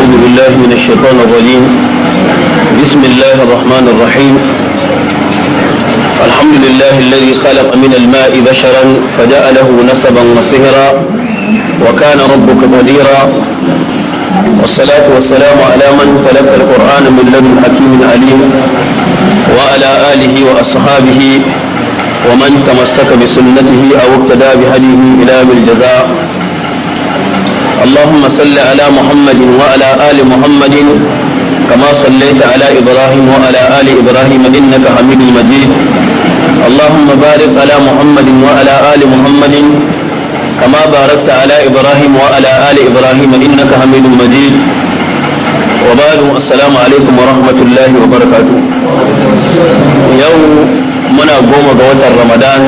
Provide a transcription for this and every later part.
أعوذ بالله من الشيطان الرجيم بسم الله الرحمن الرحيم الحمد لله الذي خلق من الماء بشرا فجعله نسبا وصهرا وكان ربك قديرا والصلاة والسلام على من تلقى القرآن من لدن حكيم عليم وعلى آله وأصحابه ومن تمسك بسنته أو اقتدى بهديه إلى بالجزاء اللهم صل على محمد وعلى آل محمد كما صليت على إبراهيم وعلى آل إبراهيم إنك حميد مجيد اللهم بارك على محمد وعلى آل محمد كما باركت على إبراهيم وعلى آل إبراهيم إنك حميد مجيد وبعد السلام عليكم ورحمة الله وبركاته يوم منا قوم قوة رمضان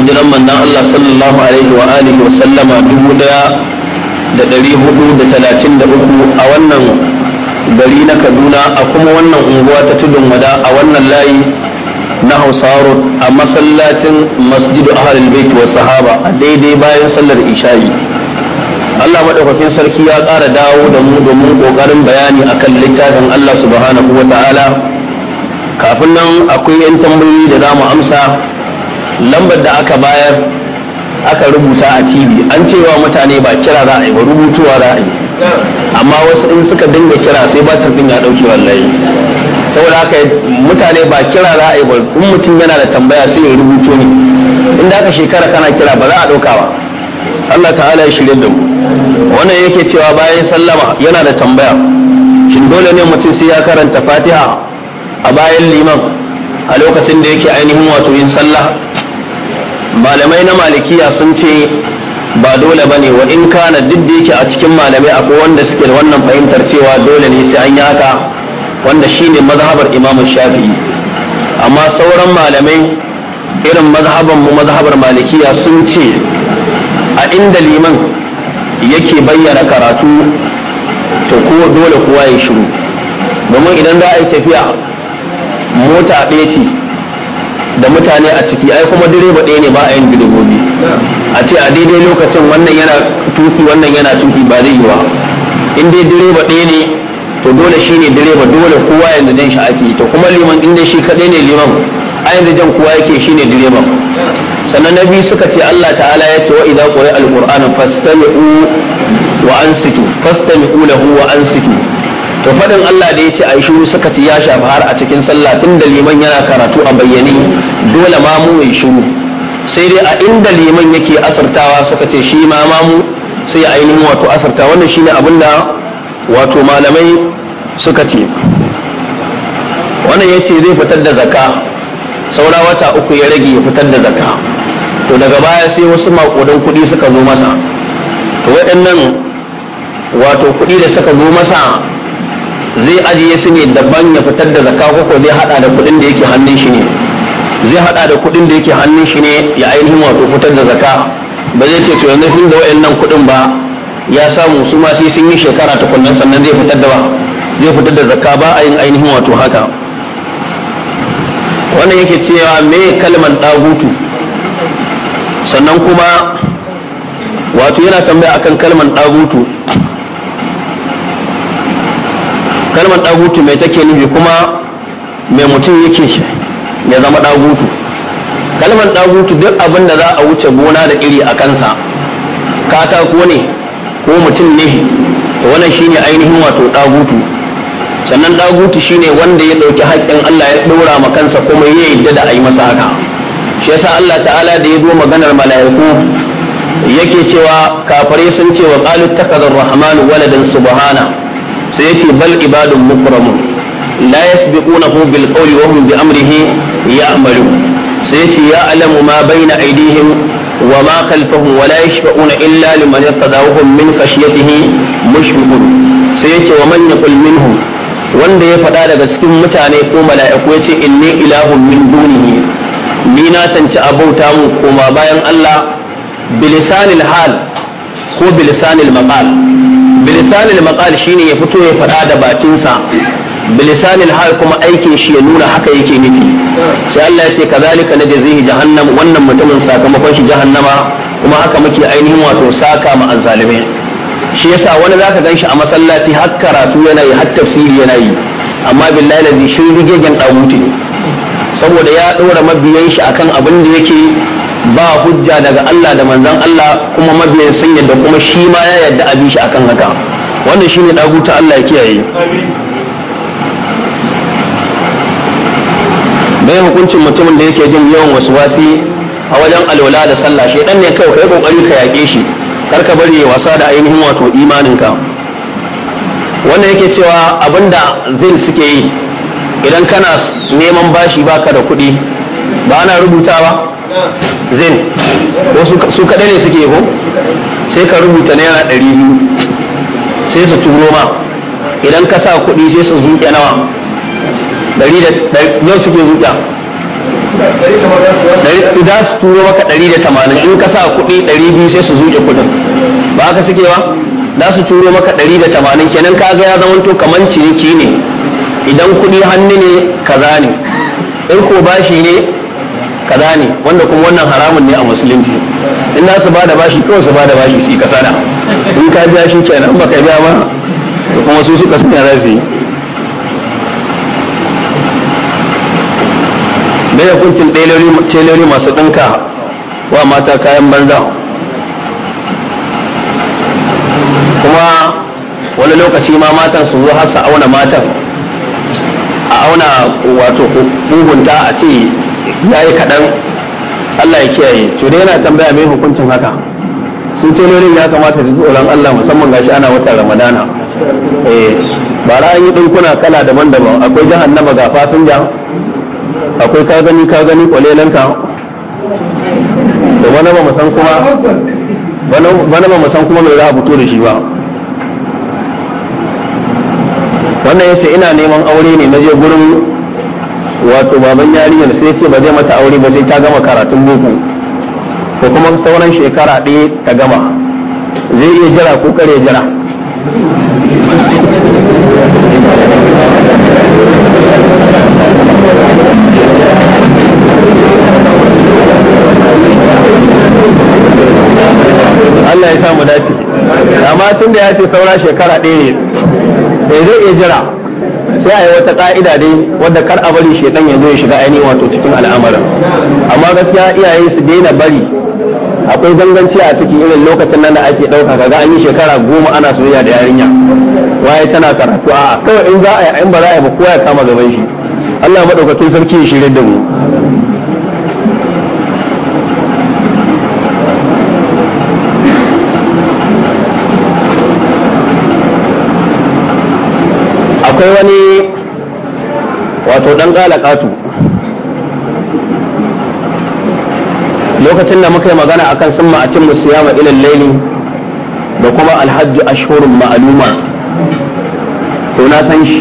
hijiran manzon Allah sallallahu alaihi wa alihi wa sallama dubu daya da ɗari hudu da talatin da uku a wannan gari na kaduna a kuma wannan unguwa ta tudun wada a wannan layi na hausaro a masallacin masjidu a halin bait wa sahaba a daidai bayan sallar isha'i Allah maɗaukakin sarki ya ƙara dawo da mu domin ƙoƙarin bayani a kan littafin Allah subhanahu wa ta'ala kafin nan akwai 'yan tambayoyi da za mu amsa lambar da aka bayar aka rubuta a tv an cewa mutane ba kira za a yi ba rubutuwa za a yi amma wasu in suka dinga kira sai ba su dinga dauki wallahi saboda haka mutane ba kira za a yi ba in mutum yana da tambaya sai ya rubuto ne inda aka shekara kana kira ba za a dauka ba Allah ta'ala ya shirye da mu wannan yake cewa bayan sallama yana da tambaya shin dole ne mutum sai ya karanta fatiha a bayan liman a lokacin da yake ainihin wato yin sallah malamai na malikiya sun ce ba dole ba ne wa in kana duk da yake a cikin malamai a wanda suke da wannan fahimtar cewa dole ne sai an yi haka wanda ne mazhabar imamu shafi'i amma sauran malamai irin mazhaban mu mazhabar malikiya sun ce a inda liman yake bayyana karatu to ko dole kowa ya shiru domin idan za a yi tafiya mota ɗaya ce da mutane a ciki ai kuma direba ɗaya ne ba a yin direbobi a ce a daidai lokacin wannan yana tuki wannan yana tuki ba zai yi wa in dai direba ɗaya ne to dole shi ne direba dole kowa yanzu jan shi ake to kuma liman in dai shi kaɗai ne liman a yanzu jan kowa yake shi ne direban sannan na biyu suka ce Allah ta'ala ya ce wa Iza quri al fasta fastami'u wa ansitu fastami'u lahu wa siki da faɗin Allah da ya ce ai shiru suka ci ya shafi har a cikin sallah tun da liman yana karatu a bayyane dole ma mu yi shiru sai dai a inda liman yake asartawa suka ce shi ma mamu sai ainihin wato asarta wannan shine abin da wato malamai suka ce wannan yace zai fitar da zakka saura wata uku ya rage ya fitar da zakka to daga baya sai wasu makodan kuɗi suka zo masa to waɗannan wato kuɗi da suka zo masa zai ajiye su ne daban ya fitar da zaka ko zai hada da kuɗin da yake hannun shi ne zai hada da kuɗin da yake hannun shi ne ya ainihin wato fitar da zaka. ba zai ce to yanzu sun da wayannan kuɗin ba ya samu su ma sai sun yi shekara ta kunnan sannan zai fitar da ba. zai fitar da zaka ba a yin ainihin wato haka wannan yake cewa me kalmar dagutu sannan kuma wato yana tambaya akan kalmar dagutu kalmar ɗagutu mai take nufi kuma mai mutum yake shi ya zama ɗagutu kalmar ɗagutu duk abin da za a wuce gona da iri a kansa katako ne ko mutum ne wannan shine ainihin wato ɗagutu sannan ɗagutu shine wanda ya ɗauki haƙƙin Allah ya ɗora ma kansa kuma ya yadda da a yi masa haka shi yasa Allah ta'ala da ya zo maganar mala'iku yake cewa kafare sun ce wa qalu takadar rahmanu waladan subhana sai yake bal ibadun mukramun la yasbiqunahu bil qawli wa hum bi amrihi ya'malun sai yake ya'lamu ma baina aydihim wa ma khalfahum wa la yashfa'una illa liman yaqdawhum min khashyatihi mushfiqun sai yake wa man yaqul minhum wanda ya faɗa daga cikin mutane ko mala'iku yace inni ilahun min dunihi ni na tanci abauta mu koma bayan Allah bilisanil hal ko bilisanil maqal bilisanil maqal shine ya fito ya faɗa da bakinsa bilisanil hal kuma aikin shi ya nuna haka yake nufi sai Allah ya ce kazalika yi jahannam wannan mutumin sakamakon shi jahannama kuma haka muke ainihin wato saka ma azzalime shi yasa wani zaka ganshi a masallaci har karatu yana yi har tafsiri yana yi amma billahi lazi shi rigegen dawuti saboda ya ɗora mabiyan shi akan abin da yake ba hujja daga Allah da manzon Allah kuma mabiyan sun yadda kuma shi ma ya yadda a shi akan haka wannan shine daguta Allah ya kiyaye bayan hukuncin mutumin da yake jin yawan wasi a wajen alwala da sallah dan ne kai kai kokari ka yake shi kar ka bari wasa da ainihin wato imanin ka wannan yake cewa abinda zin suke yi idan kana neman bashi baka da kuɗi ba ana rubuta ba zin su kaɗa ne suke ko sai ka rubuta naira ɗari biyu sai su turo ma idan ka sa kuɗi sai su zuƙe nawa ɗari da yau suke zuƙa da su turo maka ɗari da tamanin in ka sa kuɗi ɗari biyu sai su zuƙe kuɗin ba haka suke ba za su turo maka ɗari da tamanin kenan ka ga ya zamanto kaman ciniki ne idan kuɗi hannu ne kaza ne in ko bashi ne kaza ne wanda kuma wannan haramun ne a musulunci in na su bada bashi kawai su bada bashi su yi kasada in ka biya shi kenan ba ka biya ba da kuma su suka sanya za su yi da ya kuntin tailori masu ɗinka wa mata kayan banza kuma wani lokaci ma matan su zo har auna matan a auna wato hukunta a ce ya yi kaɗan Allah ya kiyaye to dai yana tambaya mai hukuncin haka sun ce lori ya kamata da tsoron Allah musamman gashi ana wata ramadana eh ba ra'ayi dinkuna kala daban-daban akwai jahannama ga fasinja akwai ka gani ka gani kwalelanka da wani ba san kuma wani ba mu san kuma mai za a fito da shi ba wannan yace ina neman aure ne na je gurin wato baban yarinyar sai ce ba zai mata aure ba sai ta gama karatun boko ko kuma sauran shekara ɗaya ta gama zai iya jira ko kare jira Allah ya samu dace amma tun da ya ce saura shekara ɗaya ne zai iya jira sai a yi wata ka'ida dai wadda kar a bari shedan ya zo ya shiga ainihin wato cikin al'amarin amma gaskiya iyaye su daina bari akwai zanganci a cikin irin lokacin nan da ake ɗauka ga an yi shekara goma ana soyayya da yarinya waye tana karatu a kawai in za a yi in ba za a yi ba kowa ya kama gaban shi Allah madaukakin sarki ya shirye da mu akwai wani wato dan galakatu lokacin da muka yi magana akan sun ma'acin musiyama ilin laili da kuma alhajju ashhurun ma'aluma to na san shi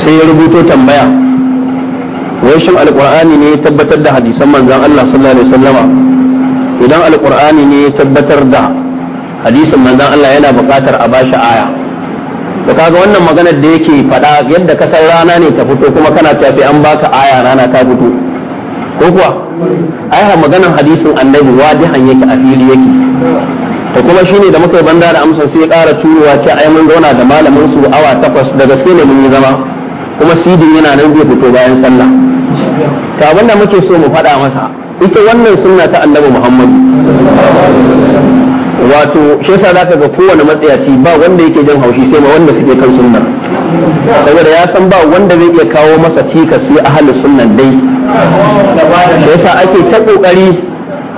sai ya rubuto tambaya wai shin alkurani ne ya tabbatar da hadisan manzon Allah sallallahu alaihi wasallama idan alqur'ani ne ya tabbatar da hadisin manzon Allah yana buƙatar a bashi aya to kaga wannan maganar da yake faɗa yadda ka san rana ne ta fito kuma kana tafi an baka aya rana ta fito ko kuwa ai maganar hadisin annabi wadihan yake a fili yake to kuma shine da muka yi banda da amsa sai ya ƙara turuwa ce ai mun zauna da malamin su awa takwas da gaske ne mun yi zama kuma sidin yana nan zai fito bayan sallah ta abinda muke so mu faɗa masa ita wannan sunna ta annabi Muhammadu. wato shi yasa zaka ga kowane matsayaci ba wanda yake jin haushi sai ma wanda suke kan sunna saboda ya san ba wanda zai iya kawo masa cikas sai ahli sunnan dai yasa ake ta kokari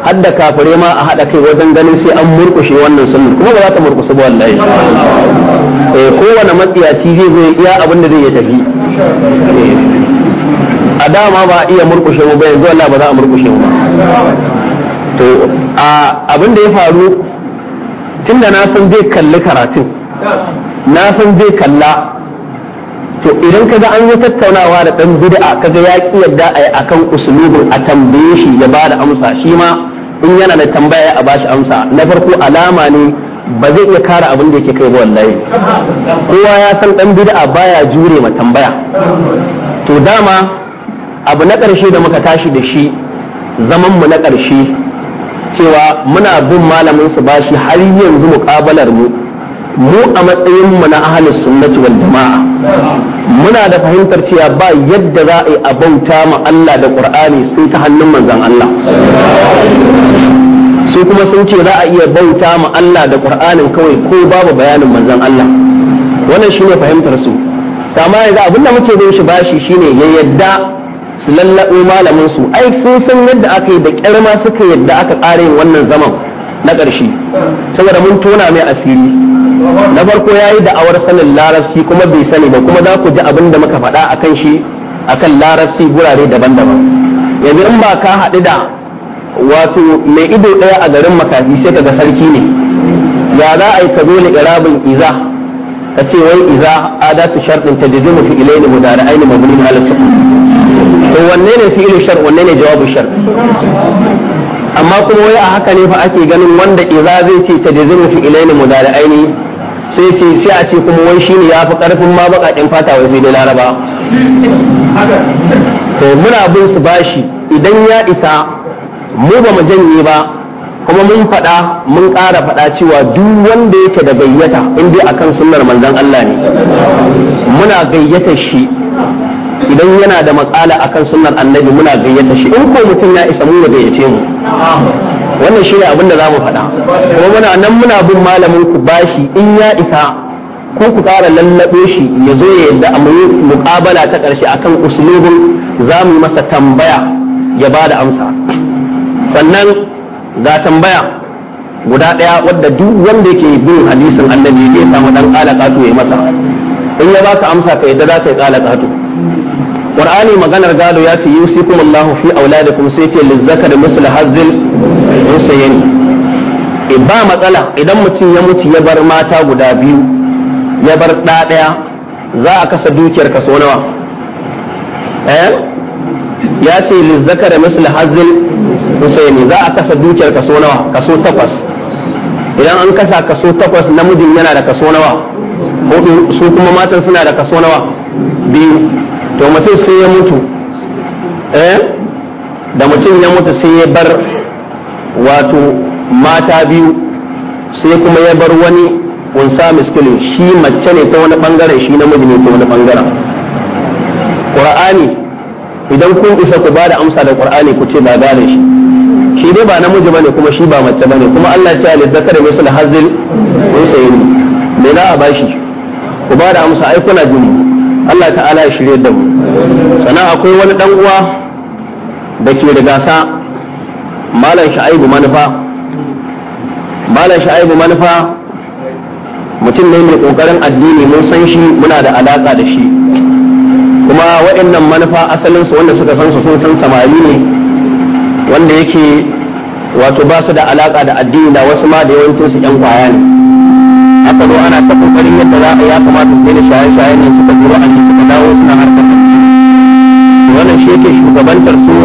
hadda kafare ma a haɗa kai wajen ganin sai an murkushe wannan sunna kuma ba za ta murkusu ba wallahi eh kowane matsiyaci zai zo iya abin da zai yi tafi a dama ba iya murkushe mu ba yanzu wallahi ba za a murkushe mu to abin da ya faru tunda na san zai kalli karatun na san zai kalla to idan ka ga an yi tattaunawa da ɗan bid'a ka ga ya ƙi yadda a yi akan usulubin a tambaye shi ya ba da amsa shi ma in yana da tambaya a ba shi amsa na farko alama ne ba zai iya kara abin da yake kai ba wallahi kowa ya san ɗan bid'a baya jure ma tambaya to dama abu na ƙarshe da muka tashi da shi zaman mu na ƙarshe cewa muna bin malamin su bashi har yanzu mukabalar mu mu a matsayin mu na ahlus sunnati wal jama'a muna da fahimtar cewa ba yadda za a yi a bauta ma Allah da Qur'ani sai ta hannun manzon Allah su kuma sun ce za a iya bauta ma Allah da Qur'anin kawai ko babu bayanin manzon Allah wannan shine fahimtar su amma yanzu abin da muke bin shi bashi shine ya yadda su lallaɓo malamin su ai sun san yadda aka yi da ma suka yadda aka ƙare wannan zaman na ƙarshe saboda mun tona mai asiri na farko ya yi da'awar sanin larabci kuma bai sani ba kuma za ku ji abin da muka faɗa a kan shi a larabci gurare daban-daban yanzu in ba ka haɗu da wato mai ido ɗaya a garin makafi sai ka ga sarki ne ya za a yi ka zo ni irabin iza ace ce wai idza adatu shartin tajzimu fi ilayni mudari'aini mabniin ala sukun to wanne ne fi ilu shar wanne ne jawabu shar amma kuma wai a haka ne fa ake ganin wanda idza zai ce tajzimu fi ilayni mudari'aini sai ce sai a ce kuma wai shine yafi karfin ma bakakin fata wai sai dai laraba to muna bin su bashi idan ya isa mu ba mu janye ba kuma mun faɗa mun ƙara faɗa cewa duk wanda yake da gayyata in dai akan sunnar manzon Allah ne muna gayyata shi idan yana da matsala akan sunnar annabi muna gayyata shi in ko mutum ya isa mu gayyace mu wannan shi ne abin da zamu faɗa kuma muna nan muna bin malamin ku bashi in ya isa ko ku ƙara lallaɓe shi ya zo ya yadda a muyi muƙabala ta ƙarshe akan usulubin za mu masa tambaya ya ba da amsa sannan ga tambaya guda ɗaya wadda duk wanda yake bin hadisin annabi ya samu dan kalakatu ya masa in ya baka amsa ka yadda za ka yi kalakatu qur'ani maganar gado ya ce yusikum allahu fi auladikum sai ce lizzakar misl hazzil usayn e, ba matsala idan mutum ya mutu ya bar mata guda biyu ya bar ɗa ɗaya za a kasa dukiyar kaso nawa eh ya ce lizzakar misl hazil Husaini za a kasa dukiyar kaso nawa kaso takwas idan an kasa kaso takwas namijin yana da kaso nawa hudu su kuma matan suna da kaso nawa biyu to mutum sai ya mutu eh da mutum ya mutu sai ya bar wato mata biyu sai kuma ya bar wani kunsa miskilin shi mace ne ta wani bangaren shi namiji ne ta wani bangaren qur'ani idan kun isa ku ba da amsa da qur'ani ku ce ba gane shi shi dai ba namiji bane kuma shi ba mace bane kuma Allah ya ce alil zakari misal hazil wa sayyid me za a bashi ku ba da amsa ai kuna jini Allah ta'ala ya shirye da mu sannan akwai wani dan uwa da ke da gasa malam sha'ibu manufa malam sha'ibu manufa mutum ne mai kokarin addini mun san shi muna da alaka da shi kuma waɗannan manufa asalinsu wanda suka san su sun san samari ne wanda yake wato ba su da alaka da addini da wasu ma da yawancin su yan kwaya ne haka zo ana ta kokarin yadda za a ya kamata su daina shaye-shaye ne suka jiro a ne suka dawo suna harkar da su. wannan shi yake shugabantar su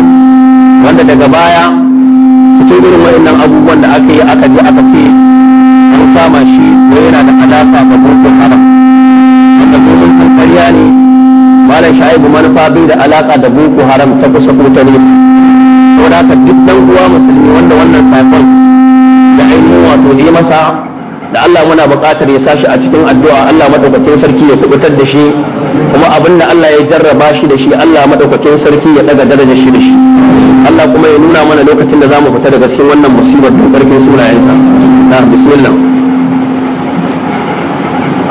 wanda daga baya cikin irin waɗannan abubuwan da aka yi aka je aka ce an kama shi ko yana da alaka da boko haram wanda domin sun ƙarya ne malam sha'ibu manufa bai da alaka da boko haram ta kusa ko ta nesa saboda duk dan uwa musulmi wanda wannan saƙon da ainihin wato ne masa da Allah muna buƙatar ya sashi a cikin addu'a Allah madaukakin sarki ya kubutar da shi kuma abin da Allah ya jarraba shi da shi Allah madaukakin sarki ya daga darajar shi da shi Allah kuma ya nuna mana lokacin da zamu fita daga cikin wannan musibar da karfin sunayensa na bismillah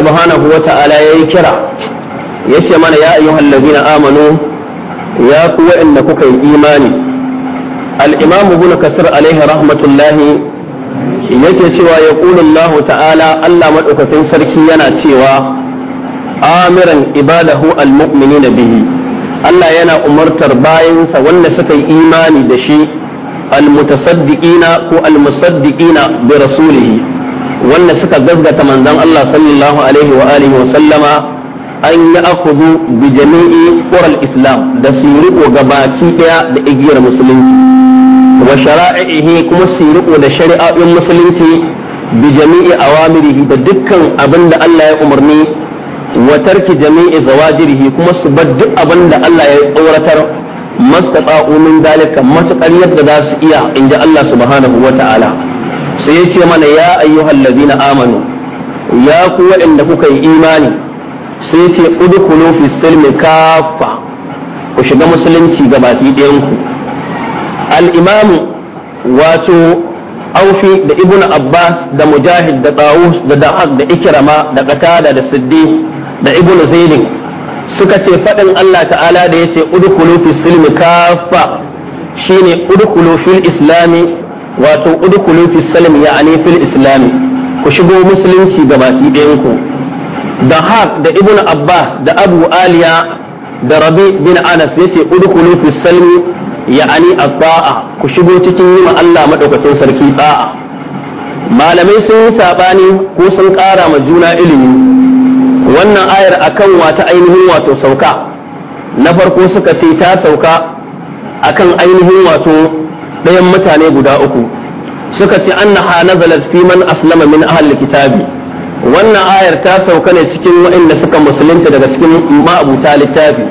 subhanahu wa ta'ala yi kira yace mana ya ayyuhal na amanu ya ku wa'anda kuka yi imani al-imam ibn kasir alaihi rahmatullahi yake cewa ya Allah ta'ala Allah madaukakin sarki yana cewa amiran ibadahu al-mu'minina bihi Allah yana umartar bayansa wanda suka yi imani da shi al-mutasaddiqina ko al-musaddiqina bi rasulihi wanda suka gazgata manzon Allah sallallahu alaihi wa alihi wa sallama an yi akudu bi jami'i qural islam da su ga gabaci daya da igiyar musulunci wa shara'ihi kuma su riko da shari'a'in musulunci bi jami'i awamirihi da dukkan abin da Allah ya umarni wa tarki jami'i zawajirihi kuma su bar duk abin da Allah ya tsoratar mastata'u min dalika matakar yadda za su iya inda Allah subhanahu wa ta'ala sai ya mana ya ayyuhal ladina amanu ya ku waɗanda kuka yi imani sai ce udkhulu fi silmi kafa ku shiga musulunci ga baki ɗayan ku al-imam wato aufi da ibnu abbas da mujahid da tawus da dahaq da ikrama da qatada da siddi da ibnu zaid suka ce faɗin Allah ta'ala da yace udkhulu fi silmi kafa shine udkhulu fil islami wato udkhulu fi salam ani fil islam ku shigo musulunci ga baki ɗayan ku da haq da ibn abbas da abu aliya da rabi bin anas yace udkhulu fi salam ya'ani ani taa ku shigo cikin yi ma Allah madaukakin sarki ta'a malamai sun yi saɓani ko sun ƙara ma juna ilimi wannan ayar akan wata ainihin wato sauka na farko suka ce ta sauka akan ainihin wato ɗayan mutane guda uku suka ce annaha nazalat fi man aslama min ahli kitabi wannan ayar ta sauka ne cikin wa'inda suka musulunta daga cikin ma'abuta littafi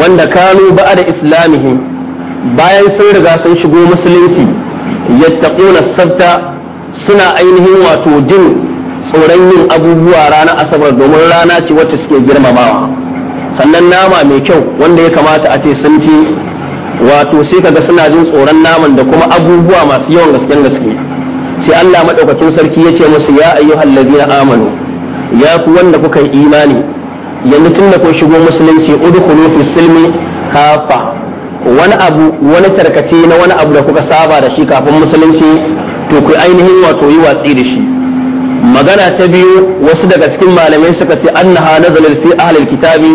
wanda kanu ba'a da islamihi bayan sun riga sun shigo musulunci yattaquna sabta suna ainihin wato jin tsoron yin abubuwa rana asabar domin rana ce wacce suke girmamawa sannan nama mai kyau wanda ya kamata a ce sun ci wato sai kaga suna jin tsoron naman da kuma abubuwa masu yawan gasken gaske sai Allah madaukakin sarki ya ce musu ya ayyuhal ladina amanu ya ku wanda kuka yi imani yanzu tun da kun shigo musulunci udkhulu fi silmi kafa wani abu wani tarkace na wani abu da kuka saba da shi kafin musulunci to ku ainihin wato yi watsi da shi magana ta biyu wasu daga cikin malamai suka ce annaha nazalat fi ahlil kitabi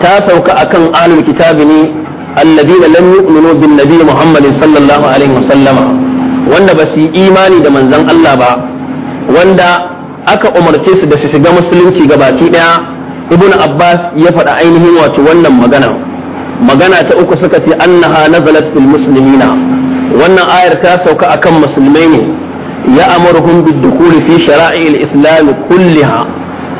ta sauka akan ahlul kitabi ne alladina lam yu'minu bin nabiy Muhammad sallallahu wanda ba su yi imani da manzon Allah ba wanda aka umarce su da su shiga musulunci gabaki daya ibnu abbas ya faɗa ainihin wato wannan magana magana ta uku suka ce annaha nazalat bil muslimina wannan ayar ta sauka akan musulmai ne ya amurhum bid dukhuli fi shara'il islam kulliha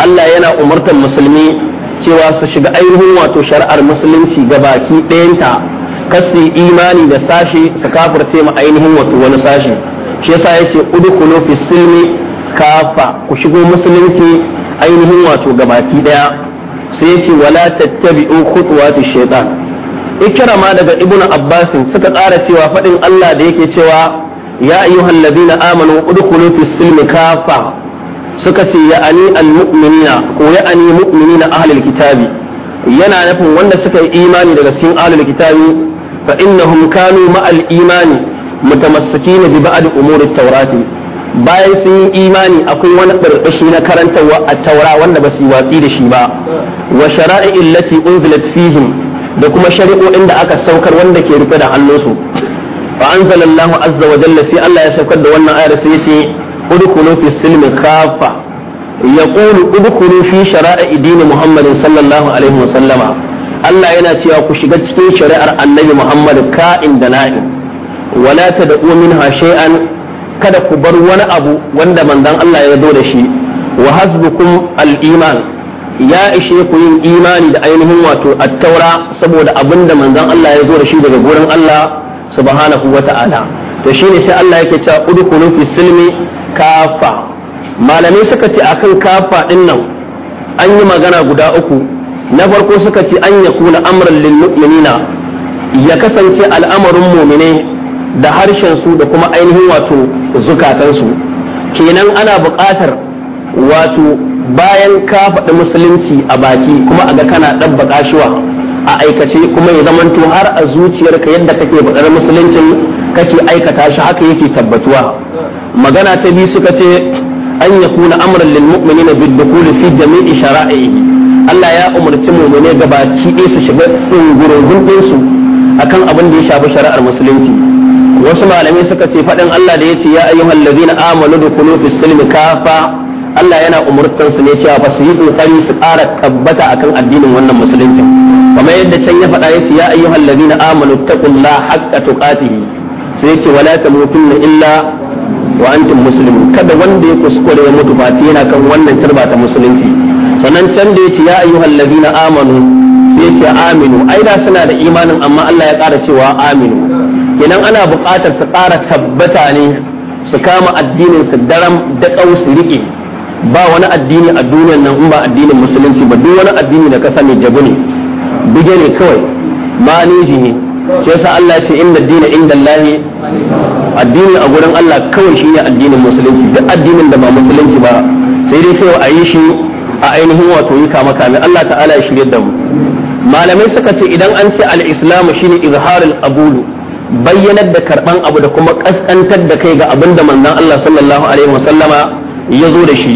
Allah yana umartar musulmi cewa su shiga ainihin wato shari'ar musulunci ga baki ɗayanta kasu imani da sashe su kafirce ma ainihin wato wani sashe shi yasa yace udkhulu fi silmi kafa ku shigo musulunci ainihin wato ga baki ɗaya sai yace wala tattabi'u khutuwati shaytan ikrama daga ibnu abbas suka ƙara cewa faɗin Allah da yake cewa ya ayyuhal ladina amanu udkhulu fi silmi kafa suka ce yaani ani almu'minina ko ya mu'minina ahlul kitabi yana nufin wanda suka yi imani daga cikin ahlul kitabi fa innahum kanu ma'al imani mutamassikina bi ba'd umuri taurati bayan sun yi imani akwai wani barbashi na karantarwa a taura wanda ba su watsi da shi ba wa shara'i lati unzilat fihim da kuma shari'o'in da aka saukar wanda ke rufe da hannunsu fa anzalallahu azza wa jalla sai Allah ya saukar da wannan ayar sai yace udkhulu fi silmi khafa yaqulu udkhulu fi shara'i dini muhammadin sallallahu alaihi wa Allah yana cewa ku shiga cikin shari'ar annabi Muhammad ka'in da na'in wala tad'u minha kada ku bar wani abu wanda manzon Allah ya zo da shi wa hasbukum al-iman ya ishe ku yin imani da ainihin wato at-taura saboda da manzon Allah ya zo da shi daga gurin Allah subhanahu wata'ala to shine sai Allah yake cewa udkhulu fi silmi kafa malamai suka ce a kan kafa din nan an yi magana guda uku na farko suka ce an ya kuna amran lil ya kasance al'amarin mu'mine da harshen su da kuma ainihin wato zukatansu, kenan ana buƙatar wato bayan ka faɗi musulunci a baki kuma a ga kana ɗabbaka shiwa a aikace kuma ya zamanto har a zuciyarka yadda kake faɗar musuluncin kake aikata shi haka yake tabbatuwa magana ta biyu suka ce an ya amran lil na bid dukhul fi jami'i shara'ihi Allah ya umarci gaba gabaki ɗaya su shiga tsungurungun a kan abin da ya shafi shari'ar musulunci wasu malamai suka ce faɗin Allah da ya ce ya ayyuhal ladina amanu dukhulu fi silmi kafa Allah yana umurtan su ne cewa ba su yi kokari su ƙara tabbata akan addinin wannan musulunci Kuma yadda can ya faɗa ya ce ya ayyuhal ladina amanu taqullaha haqqa tuqatih sai ce wala na illa wa antum muslimun kada wanda ya kuskure ya mutu fati yana kan wannan tarba ta musulunci sannan can da yace ya ayyuhal na amanu sai yace aminu ai da suna da imanin amma Allah ya ƙara cewa aminu idan ana buƙatar su ƙara tabbata ne su kama addinin su daram da su riƙe ba wani addini a duniyar nan in ba addinin musulunci ba duk wani addini da ka sani jabu ne buge ne kawai maniji ne shi sa Allah ya ce inna dina inda Allah addini a gurin Allah kawai shi ne addinin musulunci duk addinin da ba musulunci ba sai dai cewa a yi shi a ainihin wato yi kama kame Allah ta'ala ya shirya da mu malamai suka ce idan an ce al-islamu shine izharul abulu bayyanar da karban abu da kuma kaskantar da kai ga abin da manzon Allah sallallahu alaihi wasallama ya zo da shi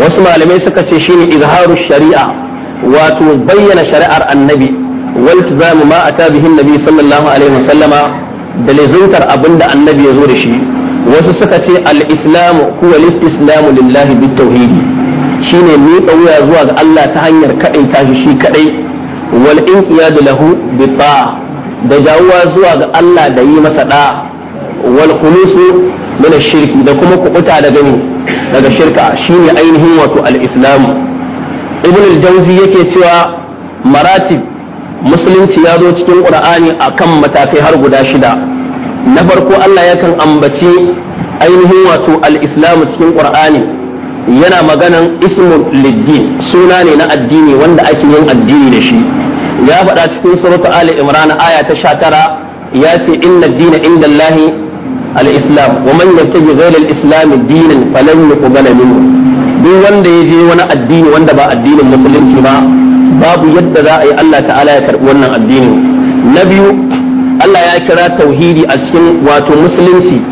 wasu malamai suka ce shine izharu shari'a wato bayyana shari'ar annabi wal tizamu ma ata bihi annabi sallallahu alaihi wasallama da lizuntar abin da annabi ya zo da shi wasu suka ce al-islamu huwa al-islamu lillahi bit tauhidi shine ne wuya zuwa ga Allah ta hanyar kadai tashi shi kadai wal inqiyad lahu bit da jawuwa zuwa ga Allah da yi masa da wal khulusu min shirki da kuma kubuta daga ne daga shirka shine ainihin wato al-islamu ibn al-jawzi yake cewa maratib musulunci ya zo cikin qur'ani akan matakai har guda shida na farko Allah yakan ambace ainihin wato al-islam cikin qur'ani yana maganan ismu liddin suna ne na addini wanda ake yin addini da shi ya faɗa cikin suratu ali imran aya ta 19 ya ce inna dina inda al-islam wa man yattaji ghayra al-islam dinan falan yuqbala minhu duk wanda ya je wani addini wanda ba addinin musulunci ba babu yadda za a yi Allah ta'ala ya karɓi wannan addini na biyu Allah ya kira tauhidi a cikin wato musulunci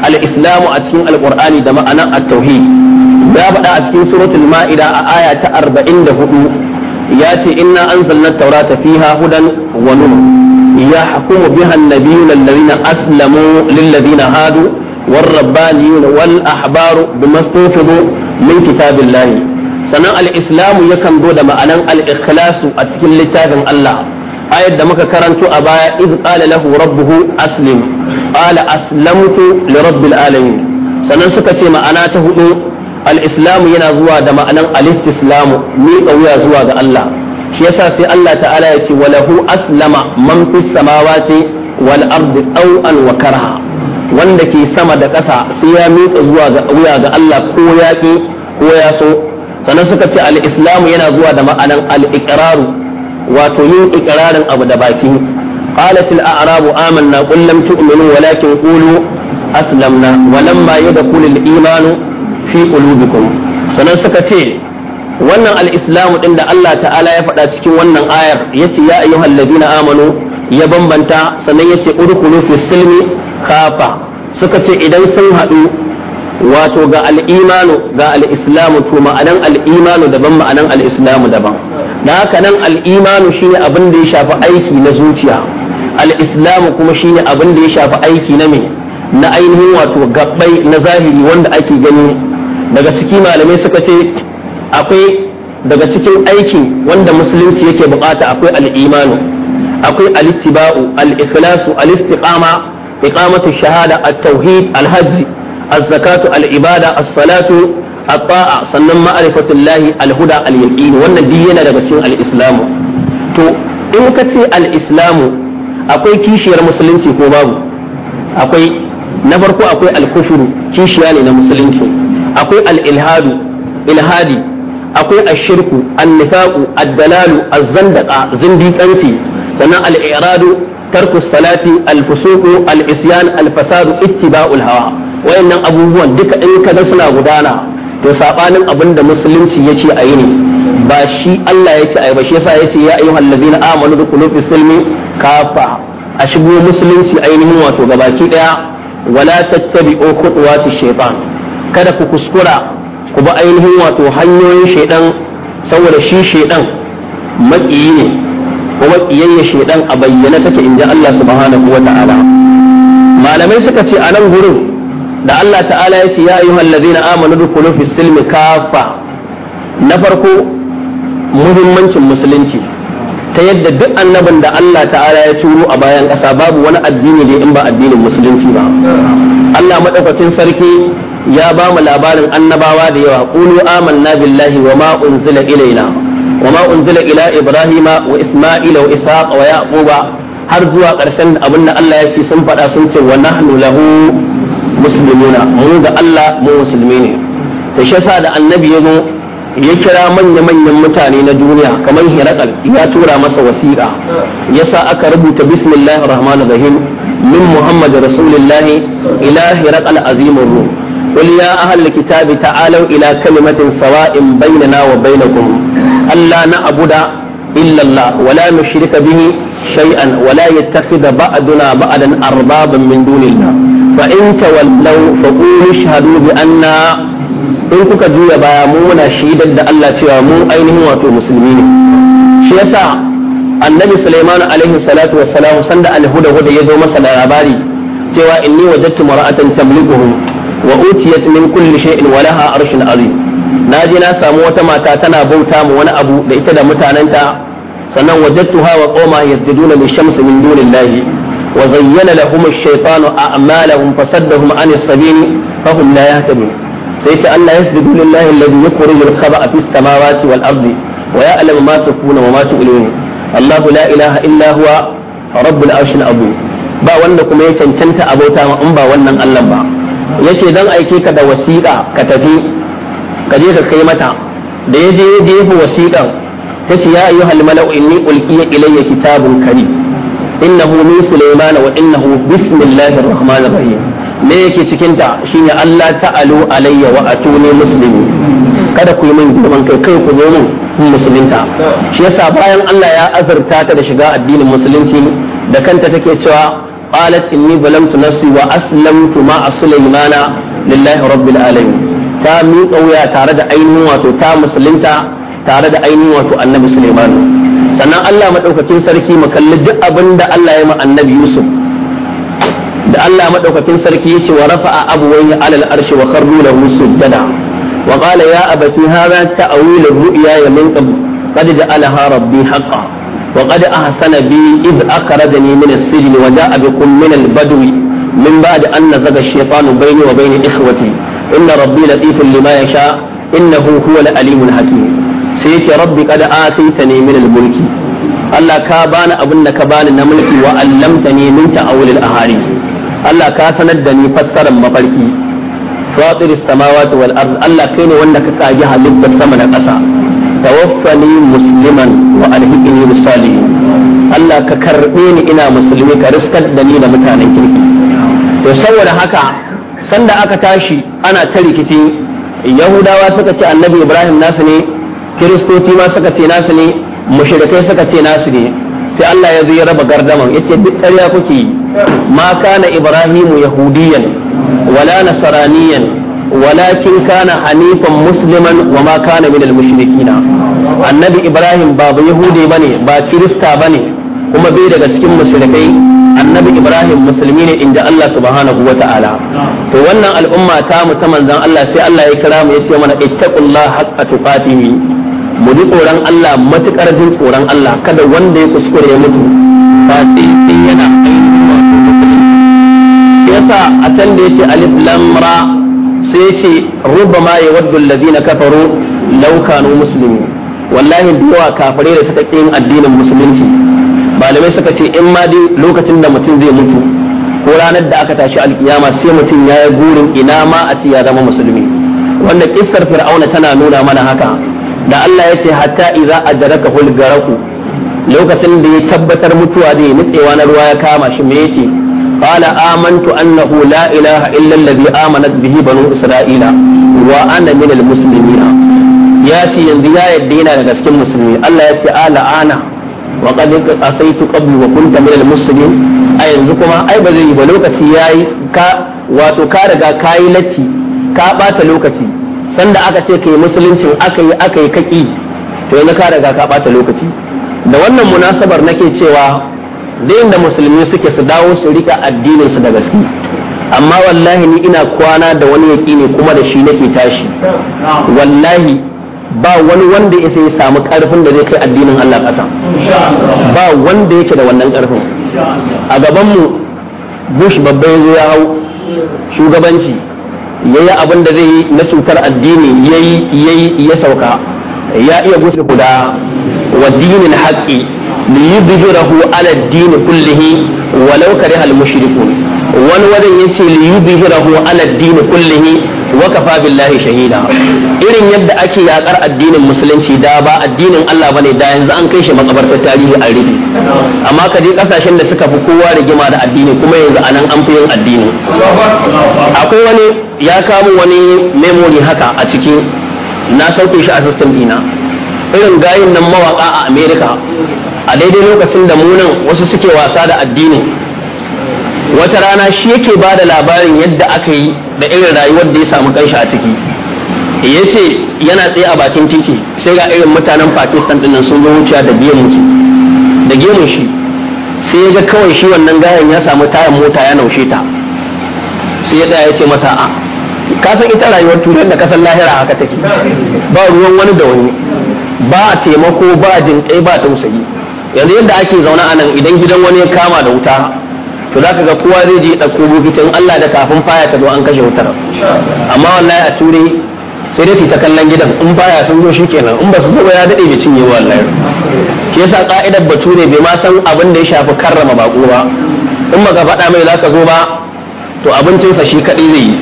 al-islamu a cikin Alƙur'ani. da ma'ana at-tauhid ya faɗa a cikin suratul ma'ida a aya ta 44 ya ce inna anzalna at-taurata fiha hudan wa nur yahkumu biha an-nabiyyuna alladhina aslamu lilladhina hadu والربانيون والأحبار بما استوفضوا من كتاب الله sannan al'islamu yakan zo da ma'anan al'ikhlasu a cikin littafin Allah ayat da muka karanto a baya iz qala lahu rabbuhu aslim qala aslamtu li rabbil alamin sannan suka ce ma'ana ta hudu Al'islamu yana zuwa da ma'anan alistislamu, istislamu miƙa wuya zuwa ga Allah shi yasa sai Allah ta'ala ya ce walahu aslama man fis samawati wal ardi taw'an wa karha wanda ke sama da ƙasa sai ya miƙa zuwa ga wuya ga Allah ko ya ko ya so sannan suka ce al-islamu yana zuwa da ma'anar al-iqraru wato yin ikirarin abu da baki qalat al a'rabu amanna qul lam tu'minu walakin qulu aslamna wa lamma yadkhulu al imanu fi qulubikum sanan suka ce wannan al-islamu din da Allah ta'ala ya faɗa cikin wannan ayar yace ya ayyuhal ladina amanu ya bambanta sannan yace udkhulu fi silmi kafa suka ce idan sun haɗu wato ga al'imanu ga al'islamu to ma'anan al'imanu daban ma'anan al'islamu daban da haka nan al'imanu shine abin da ya shafi aiki na zuciya al'islamu kuma shine abin da ya shafi aiki na me na ainihin wato gabbai na zahiri wanda ake gani daga ciki malamai suka ce akwai daga cikin aiki wanda musulunci yake bukata akwai al'imanu akwai al'ittiba'u al'ikhlasu al'istiqama iqamatu shahada at-tauhid al-hajj az-zakatu al-ibada as-salatu الطاعة sannan معرفة الله الهدى اليقين wannan duk yana daga cikin al to in ka ce al-islamu akwai kishiyar musulunci ko babu akwai na farko akwai al kufuru kishiya ne na musulunci akwai al-ilhadu ilhadi akwai ashirku annifaqu ad-dalalu az-zandaqa zindiqanci sannan al-i'radu tarku salati al-fusuqu al-isyan al-fasadu ittiba'ul hawa wayannan abubuwan duka in kaza suna gudana to sabanin abin da musulunci ce a yi ne ba shi Allah ya a yi ba shi yasa ya ce ya ayyuhal ladina amanu dukulu fi silmi kafa a shigo musulunci ainihin wato gabaki daya wala tattabi'u khutuwati shaytan kada ku kuskura ku ainihin wato hanyoyin shaydan saboda shi shaydan maƙiyi ne kuma kiyayya shaydan a bayyana take ji Allah subhanahu wa ta'ala malamai suka ce a nan gurin da Allah ta'ala ya ce ya ayyuha allazina amanu dukulu fis silmi kafa na farko muhimmancin musulunci ta yadda duk annabin da Allah ta'ala ya turo a bayan ƙasa babu wani addini da in ba addinin musulunci ba Allah madaukakin sarki ya ba mu labarin annabawa da yawa qulu amanna billahi wa ma unzila ilaina wa ma unzila ila ibrahima wa isma'ila wa ishaqa wa yaquba har zuwa ƙarshen abin da Allah ya ce sun faɗa sun ce wa nahnu lahu muslimuna mu da Allah mu musulmi ne da shi yasa da annabi ya zo ya kira manya-manyan mutane na duniya kamar hirakal ya tura masa wasiƙa ya sa aka rubuta bismillahir rahman rahim min muhammad rasulullahi ila hirakal azimur ruh قل يا أهل الكتاب تعالوا إلى كلمة سواء بيننا وبينكم ألا نعبد إلا الله ولا نشرك به شيئا ولا يتخذ بعدنا بعدا أربابا من دون الله fa in tawallaw shahadu bi anna in kuka juya baya mu muna shaidar da Allah cewa mu ainihin wato musulmi ne shi yasa annabi Sulaiman alaihi salatu wassalam sanda alhuda huda ya zo masa labari cewa inni wajadtu mar'atan tamlikuhum wa utiyat min kulli shay'in wa laha arshun azim na je na samu wata mata tana bauta mu wani abu da ita da mutanenta sannan wajadtuha wa qauma yasjuduna lishamsi min dunillahi وزين لهم الشيطان أعمالهم فصدهم عن السبيل فهم لا يهتدون سيت الله يسجد لله الذي يخرج الخبأ في السماوات والأرض ويعلم ما تكون وما تعلنون الله لا إله إلا هو رب العرش العظيم ba wanda kuma ya cancanta abota ma in ba wannan Allah ba yace dan aike ka da wasiƙa ka tafi ka je ka kai mata da ya je ya jefa wasiƙan tace ya ayyuhal mala'u inni ulqiya ilayya kitabun karim innahu min sulaymana wa innahu bismillahir rahmanir rahim me yake cikin ta shine Allah ta'alu alayya wa atuni muslimi kada ku yi min girman kai kai ku zo min musulunta shi yasa bayan Allah ya azurta ta da shiga addinin musulunci da kanta take cewa qalat inni zalamtu nafsi wa aslamtu ma'a sulaymana lillahi rabbil alamin ta miƙa wuya tare da ainihin wato ta musulunta tare da ainihin wato annabi Sulaiman sannan Allah Maɗaukakin sarki mu kalli duk abin da Allah ya ma annabi Yusuf da Allah Maɗaukakin sarki ce wa rafa'a abwayhi alal arshi wa kharru lahu sujada wa qala ya abati hadha ta'wil ru'ya min qabl qad ja'alaha rabbi haqqan wa qad ahsana bi id akhrajani min as-sijni wa ja'a bikum min al-badwi min ba'di an nazaga ash-shaytanu bayni wa bayni ikhwati inna rabbi latifun lima yasha innahu huwa al-alimul hakim sai yake rabbi qad ataitani min al-mulki Allah ka bani abin da ka bani na mulki wa allamtani min ta'awil al-ahadith Allah ka sanar da ni fassarar mafarki fatir as-samawati wal ard Allah kai ne wanda ka kaji halittar sama da ƙasa tawaffani musliman wa alhiqni bis salihin Allah ka karbe ni ina musulmi ka riskar da ni da mutanen kirki to saboda haka sanda aka tashi ana ta rikici yahudawa suka ce annabi ibrahim nasu ne kiristoci ma suka ce nasu ne mushrikai suka ce nasu ne sai Allah ya zo ya raba gardaman yace duk ƙarya kuke yi ma kana ibrahimu yahudiyan wala nasaraniyan walakin kana hanifan musliman wa ma kana minal mushrikina annabi ibrahim ba yahudi bane ba kirista bane kuma bai daga cikin mushrikai annabi ibrahim musulmi ne inda allah subhanahu wa to wannan al'umma ta mu ta manzon allah sai allah ya kira mu ya ce mana ittaqullah haqqa tuqatihi mu ji tsoron Allah matuƙar jin tsoron Allah kada wanda ya kuskure ya mutu ba sai sai yana yasa a can da yake alif ce ruba ma ya rubama yawaddu alladhina kafaru law kanu muslimin wallahi duwa kafare da suka yin addinin musulunci malamai suka ce in ma dai lokacin da mutum zai mutu ko ranar da aka tashi alkiyama sai mutum ya yi gurin ina ma a ya zama musulmi wanda kissar fir'auna tana nuna mana haka da Allah ya ce hatta idza adraka hul garaku lokacin da ya tabbatar mutuwa zai nutsewa na ruwa ya kama shi me yace qala amantu annahu la ilaha illa allazi amanat bihi banu isra'ila wa ana min al ya ce yanzu ya yadda yana daga cikin musulmi Allah ya ce ala ana wa qad asaitu qabli wa kunta min a yanzu kuma ai ba zai yi ba lokaci yayi ka wato ka riga kayi latti ka bata lokaci sanda aka ce kai musuluncin aka yi aka yi kaki to yanzu ka riga ka bata lokaci da wannan munasabar nake cewa zai da musulmi suke su dawo su rika addinin su da gaske amma wallahi ni ina kwana da wani yaki ne kuma da shi nake tashi wallahi ba wani wanda ya sai samu karfin da zai kai addinin Allah kasa ba wanda yake da wannan karfin a gaban mu bush babban ya hau shugabanci yayi abin da zai yi na cutar addini yayi yayi ya sauka ya iya gusa guda wa dinin haqqi li yudhhirahu ala ad-din kullihi walau kariha al-mushrikun wani wajen yace li yudhhirahu ala ad-din kullihi wakafa billahi shahida irin yadda ake yakar addinin musulunci da ba addinin Allah bane da yanzu an kai shi makabartar tarihi a rufe amma ka je kasashen da suka fi kowa rigima da addini kuma yanzu anan an fi yin addini akwai wani ya kamo wani memory haka a ciki na sauke shi a system dina irin gayin nan mawaka a America a daidai lokacin da munan wasu suke wasa da addini wata rana shi yake ba da labarin yadda aka yi da irin rayuwar da ya samu karshe a ciki ya ce yana tsaye a bakin titi sai ga irin mutanen pakistan dinnan sun zo wuciya da biyan shi da gemun shi sai ya ga kawai shi wannan gayan ya samu tayan mota ya naushe ta sai ya tsaya ya ce masa a ka san ita rayuwar turai da kasan lahira haka take ba ruwan wani da wani ba taimako ba jinkai ba tausayi yanzu yadda ake zaune a nan idan gidan wani ya kama da wuta to za ka ga kowa zai je ɗauko in Allah da kafin faya ta zo an kashe wutar amma wallahi a ture sai dai ta kallon gidan in baya sun zo kenan in ba su zo ya daɗe bai cinye wallahi ke yasa ka'idar bature bai ma san abin da ya shafi karrama bako ba in ba ka faɗa mai za ka zo ba to abincinsa shi kadai zai yi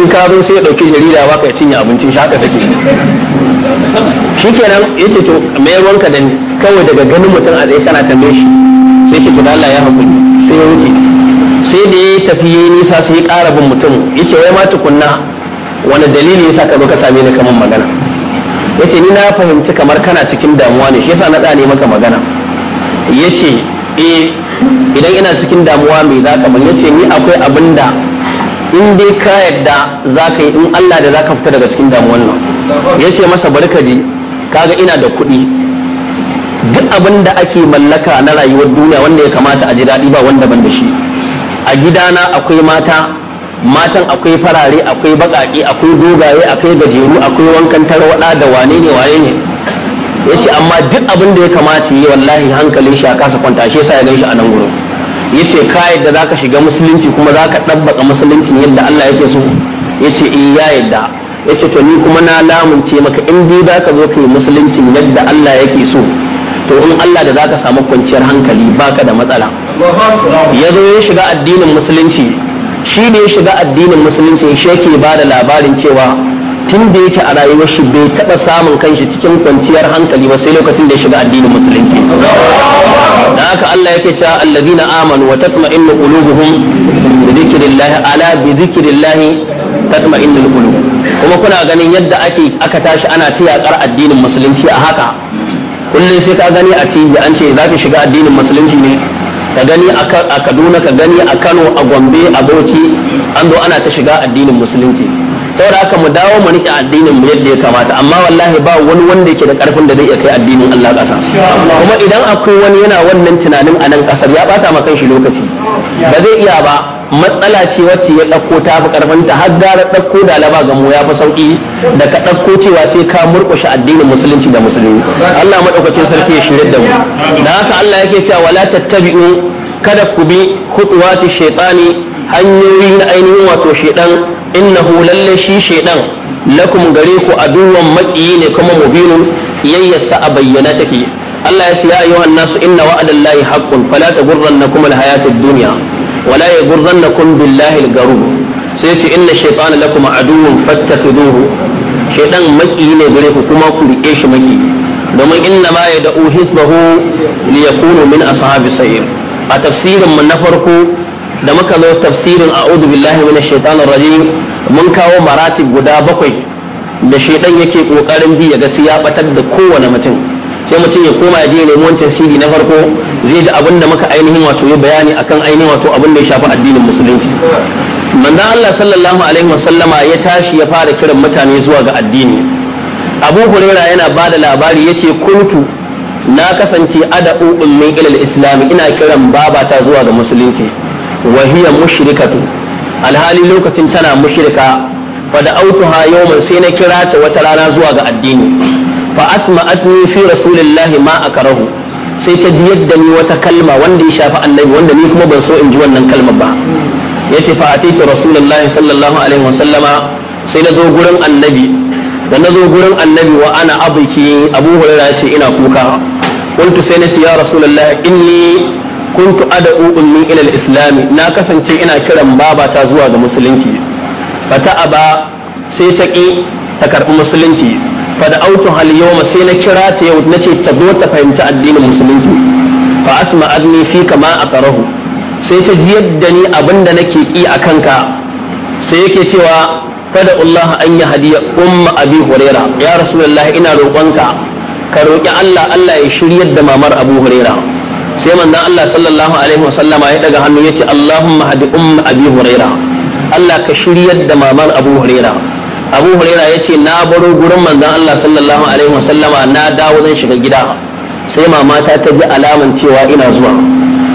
in ka zo sai ya ɗauki jarida ba ka cinye abincin shi haka take shi kenan ya to me wanka da kawai daga ganin mutum a zai kana tambaye shi sai ke to Allah ya hakuri sai ya wuce sai da ya tafi ya nisa sai ya ƙara bin mutum yake wai ma tukunna wani dalili ya sa ka zo ka same ni kamar magana yace ni na fahimci kamar kana cikin damuwa ne shi yasa na ɗane maka magana yace eh idan ina cikin damuwa mai za ka yace ni akwai abin da in dai ka yadda za ka yi in Allah da za ka fita daga cikin damuwan nan yace masa bari ka ji kaga ina da kuɗi duk abin da ake mallaka na rayuwar duniya wanda ya kamata a ji daɗi ba wanda ban da shi a gidana akwai mata matan akwai farare akwai baƙaƙe akwai dogaye akwai gajeru akwai wankan tarwaɗa da wane ne waye ne yace amma duk abin da ya kamata yi wallahi hankalin shi a kasa kwanta shi yasa ya gan shi a nan gurin yace ka yadda zaka shiga musulunci kuma zaka ɗabbaka musulunci yadda Allah yake so yace in eh, ya yadda yace to ni kuma na lamunce maka in dai zaka zo kai musuluncin yadda Allah yake so to in Allah da zaka samu kwanciyar hankali baka da matsala ya zo ya shiga addinin musulunci shi ne ya shiga addinin musulunci shi yake ba da labarin cewa tun da yake a rayuwar shi bai taɓa samun kanshi cikin kwanciyar hankali ba sai lokacin da ya shiga addinin musulunci da haka Allah yake cewa allazina amanu wa tatma'innu qulubuhum bi dhikrillah ala bi dhikrillah tatma'innul qulub kuma kuna ganin yadda ake aka tashi ana ta yakar addinin musulunci a haka kullum sai ka gani a tv an ce za ka shiga addinin musulunci ne ka gani a kaduna ka gani a kano a gombe a bauchi an zo ana ta shiga addinin musulunci saboda haka mu dawo mu rike addinin mu yadda ya kamata amma wallahi ba wani wanda yake da karfin da zai iya kai addinin Allah kasa kuma idan akwai wani yana wannan tunanin a nan kasar ya bata ma kanshi lokaci ba zai iya ba matsala ce wacce ya ɗauko ta fi ta har gara ɗauko da alaba ga mu ya fi sauƙi da ka ɗauko cewa sai ka murƙushe addinin musulunci da musulmi Allah maɗaukacin sarki ya shirya da mu da haka Allah yake cewa wala tattabi'u kada ku bi khutuwati shaytani hanyoyi na ainihin wato shaytan innahu lalle shi shaytan lakum gare ku aduwan maƙiyi ne kuma mubinun iyayyarsa a bayyana take Allah ya ce ya ayyuhan nasu inna wa'adallahi haqqun fala taghurrannakum alhayatud dunya wala yaghurrannakum billahi al-garur sai ce inna shaytana lakum aduwwun fattakhiduhu Shaiɗan maki ne gare ku kuma ku rike shi maki domin inna ma dau hisbahu liyakunu min ashabi sayyid a tafsirin mu na farko da muka zo tafsirin a'udhu billahi minash shaitanir rajim mun kawo maratib guda bakwai da shaitan yake kokarin bi ya ga ya batar da kowane mutum sai mutum ya koma ya je neman tafsiri na farko zai ji abin da muka ainihin wato yi bayani akan ainihin wato abin da ya shafi addinin musulunci manzon Allah sallallahu alaihi wasallama ya tashi ya fara kiran mutane zuwa ga addini Abu Huraira yana ba da labari yace kuntu na kasance ada'u ummi ilal islam ina kiran babata zuwa ga musulunci wa hiya mushrikatu alhali lokacin tana mushrika fa da autuha yawman sai na kira ta wata rana zuwa ga addini fa asma'atni fi rasulillahi ma akrahu sai ta ji da ni wata kalma wanda ya shafi annabi wanda ni kuma ban so in ji wannan kalma ba yace fa ataitu rasulullahi sallallahu alaihi wasallama sai na zo gurin annabi da na zo gurin annabi wa ana abuki abu hurairah ce ina kuka qultu sai na ce ya rasulullahi inni kuntu ad'u ummi ila al-islam na kasance ina kiran babata zuwa ga musulunci fata aba sai ta ki ta karbi musulunci fa da autu hal yawma sai na kira ta yau nace ta zo ta fahimci addinin musulunci fa asma adni fi kama aqrahu sai ta ji yadda ni abinda nake ki a kanka sai yake cewa kada Allah an yi hadiya umma abi huraira ya rasulullahi ina roƙonka ka roƙi Allah Allah ya shiryar da mamar abu huraira sai manzon Allah sallallahu alaihi wasallama ya daga hannu yace Allahumma hadi umma abi huraira Allah ka shiryar da mamar abu huraira abu huraira ya ce na baro gurin manzon allah sallallahu alaihi wasallama na dawo zan shiga gida sai mama ta ta ji alaman cewa ina zuwa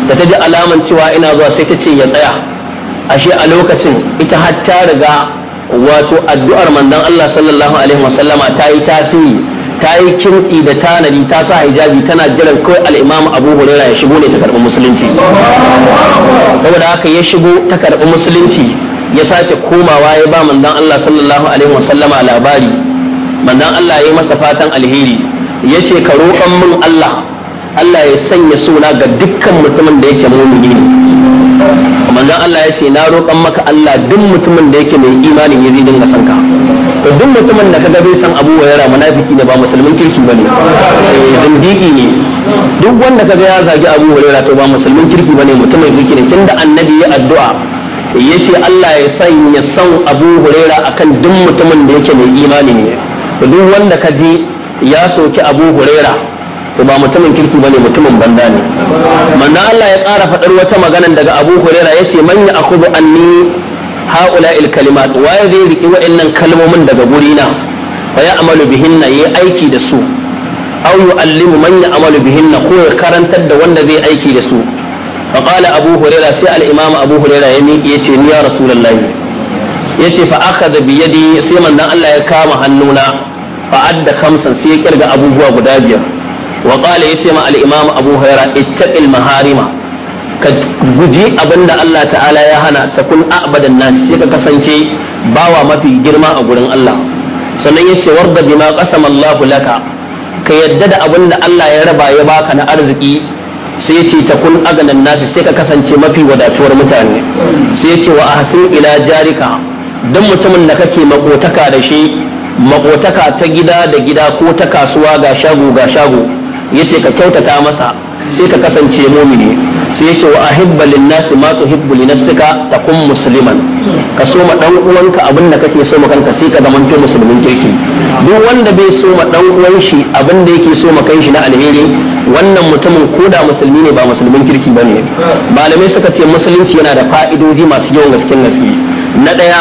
da ta ji alaman cewa ina zuwa sai ta ce ya tsaya ashe a lokacin ita har ta riga wato addu'ar manzon allah sallallahu alaihi wasallama ta yi tasiri ta yi kimtsi da tanadi ta sa hijabi tana jiran kawai al'imamu abu huraira ya shigo ne ta karɓi musulunci saboda haka ya shigo ta karɓi musulunci ya sake komawa ya ba manzon Allah sallallahu alaihi wasallama labari manzon Allah ya masa fatan alheri ya ce ka roƙan min Allah Allah ya sanya suna ga dukkan mutumin da yake mumini ne manzon Allah ya ce na roƙan maka Allah duk mutumin da yake mai imanin ya zai dinga sanka to duk mutumin da kaga bai san Abu Hurairah munafiki ne ba musulmin kirki bane eh, zindigi ne duk wanda kaga ya zagi Abu Hurairah to ba musulmin kirki bane mutumin kirki ne tunda annabi ya addu'a yace Allah ya sanya son Abu Huraira akan duk mutumin da yake mai imani ne duk wanda ka ji ya soki Abu Huraira to ba mutumin kirki bane mutumin banda ne manzo Allah ya ƙara faɗar wata magana daga Abu Huraira yace man ya akubu anni al kalimat waye zai riki wa'annan kalmomin daga gurina fa ya amalu bihinna yayi aiki da su aw yu'allimu man ya amalu bihinna ko ya karantar da wanda zai aiki da su فقال أبو هريرة سأل الإمام أبو هريرة يتي يا رسول الله يتي فأخذ بيدي سيما أن الله يكام هنونا فعد خمسا سيكرق أبو بوا بدابيا وقال يتي مع الإمام أبو هريرة اتق المهارم ka guji abin Allah ta'ala ya hana ta kun abadan nan sai ka kasance bawa mafi girma a gurin Allah sannan ya ce warda bima qasama Allah laka ka yadda da abin da Allah ya raba ya baka na arziki sai ya ce ta kun aganan nasi sai ka kasance mafi wadatuwar mutane sai ya ce wa ahsin ila jarika dan mutumin da kake makotaka da shi makotaka ta gida da gida ko ta kasuwa ga shago ga shago ya ce ka kyautata masa sai ka kasance mumini sai yake wa ahibba linnasi ma tuhibbu li nafsika takun musliman ka so ma dan uwanka abin da kake so ma kanka sai ka zamanto musulmin kirki duk wanda bai so ma dan uwan shi abin da yake so ma kanshi na alheri wannan mutumin koda musulmi ne ba musulmin kirki bane malamai suka ce musulunci yana da fa'idodi masu yawan gaske gaske na daya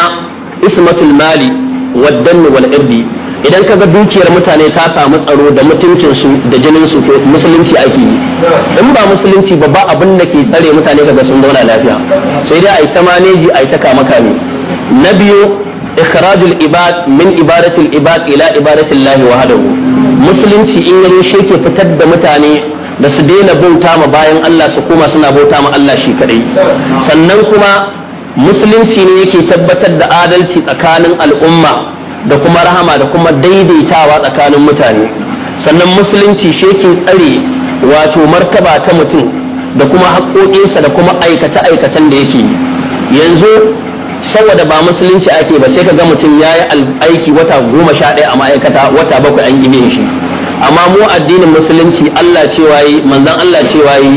ismatul mali waddan wal irdi idan ka ga dukiyar mutane ta samu tsaro da mutuncinsu da jininsu to musulunci ake yi in ba musulunci ba ba abin da ke tsare mutane kaga sun zauna lafiya sai dai ai ta maneji ai ta kama kame na biyu ikhrajul ibad min ibadatul ibad ila ibadatil lahi wahdahu musulunci in yayi ke fitar da mutane da su daina bauta ma bayan Allah su koma suna bauta ma Allah shi kadai sannan kuma musulunci ne yake tabbatar da adalci tsakanin al'umma da kuma rahama da kuma daidaitawa tsakanin mutane sannan musulunci shekin tsare wato martaba ta mutum da kuma haƙoƙinsa da kuma aikace-aikacen da yake yanzu saboda ba musulunci ake ba sai ka ga mutum ya yi aiki wata goma sha ɗaya a ma'aikata wata bakwai an gine shi amma mu addinin musulunci Allah cewa yi manzon Allah cewa yi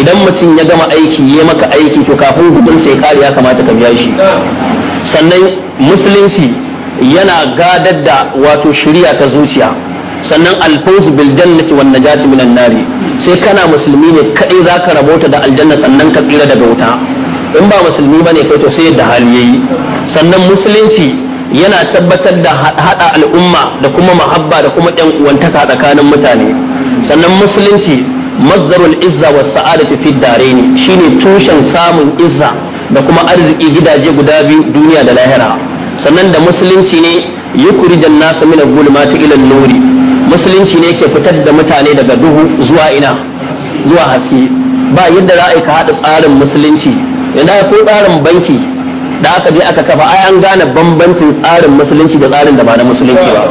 idan mutum ya gama aiki ya maka aiki to kafin ya sai ya kamata ka biya shi sannan musulunci yana gadar da wato shiriya ta zuciya sannan alfawz bil jannati wan najati minan nari sai kana musulmi ne kadai zaka rabota da aljanna sannan ka tsira daga wuta in ba musulmi bane kai to sai da hali yayi sannan musulunci yana tabbatar da hada al'umma da kuma mahabba da kuma yan uwantaka tsakanin mutane sannan musulunci mazdarul izza was sa'adati fid daraini shine tushen samun izza da kuma arziki gidaje guda biyu duniya da lahira sannan da musulunci ne da nasu mina al ilan ila nuri musulunci ne ke fitar da mutane daga duhu zuwa ina zuwa haske ba yadda za a yi ka haɗa tsarin musulunci ya ko tsarin banki da aka je aka kafa ai an gane bambancin tsarin musulunci da tsarin da ba na musulunci ba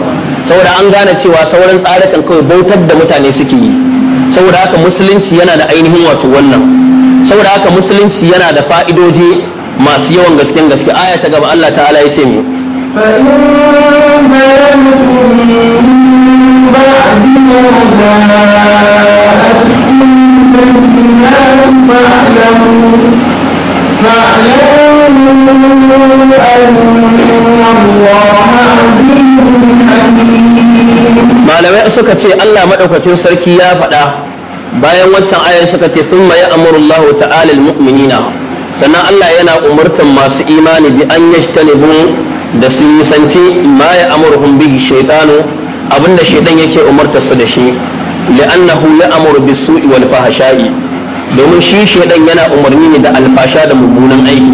saboda an gane cewa sauran tsarukan kawai bautar da mutane suke yi saboda haka musulunci yana da ainihin wato wannan saboda haka musulunci yana da fa'idoji masu yawan gasken gaske aya ta gaba Allah ta'ala ya ce mu malamai suka ce Allah maɗaukacin sarki ya faɗa bayan wancan ayan suka ce sun ma ya amurullahu muminina sannan Allah yana umurtan masu imani bi an yajtanibu da su nisanci ma ya amurhum bihi shaytanu abinda shaytan yake umarta su da shi li'annahu ya'muru bis-su'i wal fahsha'i domin shi shaytan yana umarni ne da alfasha da mummunan aiki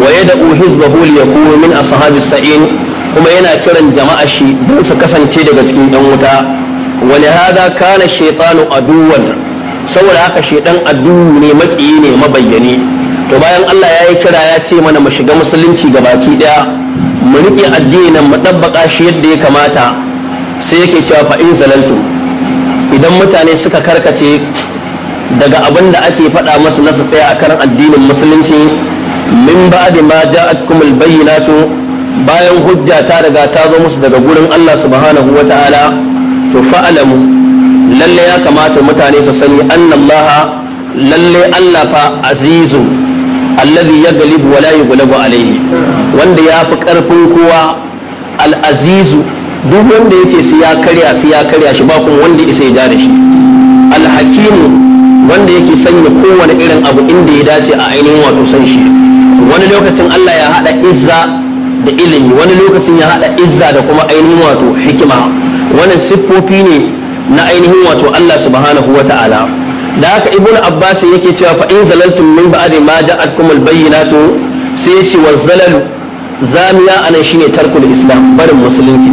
wa yad'u hizbahu li yakunu min ashabis sa'in kuma yana kiran jama'a shi don su kasance daga cikin yan wuta wa lihada kana shaytanu aduwan saboda haka shaytan aduwu ne maƙiyi ne mabayyani to bayan Allah ya yi kira ya ce mana mu shiga musulunci ga baki daya mu riƙe addinin mu ɗabbaka shi yadda ya kamata sai yake cewa fa zalaltu idan mutane suka karkace daga abin da ake faɗa masu nasu a kan addinin musulunci min da ma ja'atkum al-bayyinatu bayan hujja ta riga ta zo musu daga gurin Allah subhanahu ta'ala, to fa'alamu lalle ya kamata mutane su sani annallaha lalle Allah fa azizun alladhi galibu wa la yughlabu alayhi wanda ya fi karfin kowa al-azizu duk wanda yake sai ya karya sai ya karya shi ba kun wanda isa ya da shi al-hakimu wanda yake sanya kowane irin abu inda ya dace a ainihin wato san shi wani lokacin Allah ya hada izza da ilimi wani lokacin ya hada izza da kuma ainihin wato hikima wannan siffofi ne na ainihin wato Allah subhanahu wa ta'ala da haka ibn abbas yake cewa fa in zalaltum min ba'di ma ja'atkum al-bayyinatu sai yace wa zalal zamiya anan shine tarkul islam barin musulunci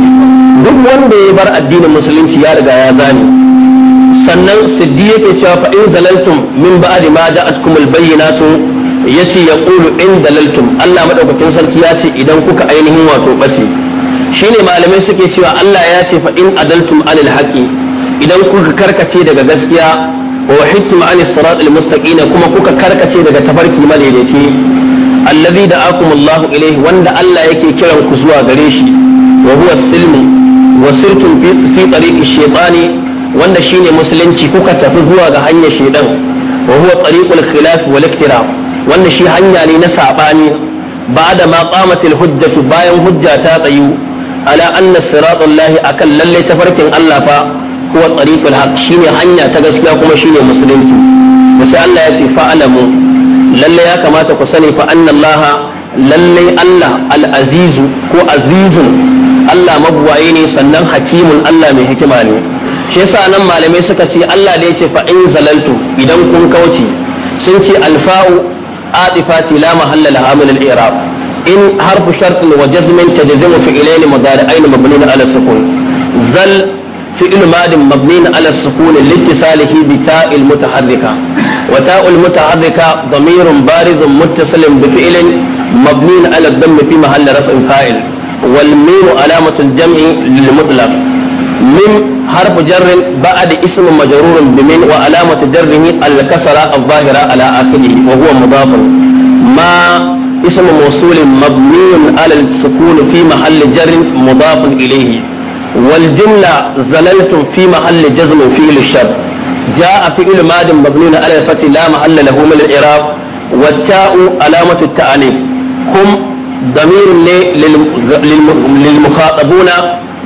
duk wanda ya bar addinin musulunci ya riga ya zani sannan siddi yake cewa fa in zalaltum min ba'di ma ja'atkum al-bayyinatu yace yaqulu in zalaltum Allah madaukakin sarki ya ce idan kuka ainihin wato bace shine malamai suke cewa Allah ya ce fa in adaltum alil haqi idan kuka karkace daga gaskiya wa hittum an sirat al kuma kuka karkace daga tafarki madaidaici allazi da'akum Allah ilayhi wanda Allah yake kiran ku zuwa gare shi wa huwa silmu fi tariqi shaytani wanda shine musulunci kuka tafi zuwa ga hanyar shaytan wahuwa huwa tariqul khilaf wal wanda shi hanya ne na sabani ba'da ma qamatil hujjatu bayan hujjata tsayu ala anna siratal lahi akan lallai tafarkin Allah fa huwa tariqul hak shine hanya ta gaskiya kuma shine musulunci da Allah ya ce fa'alamu Lallai ya kamata ku sani fa annallaha lalle Allah al-azizu ko azizun Allah mabuwaye ne sannan hakimun Allah mai hikima ne shi yasa nan malamai suka ce Allah da yake fa in zalaltu idan kun kauce sun ce alfa'u atifati la mahalla laha min al-i'rab in harfu shartin wa jazmin tajzimu fi'lain mudari'ain mabnun ala sukun zal فعل ماد مبني على السكون لاتصاله بتاء المتحركة وتاء المتحركة ضمير بارز متصل بفعل مبني على الضم في محل رفع فاعل والميم علامة الجمع للمطلق من حرف جر بعد اسم مجرور بمن وعلامة جره الكسرة الظاهرة على آخره وهو مضاف ما اسم موصول مبني على السكون في محل جر مضاف إليه والجملة زللتم في محل جزم فعل الشر جاء فعل ماد مبنون على الفتح لا محل له من الإعراب والتاء علامة التأنيث هم ضمير للمخاطبون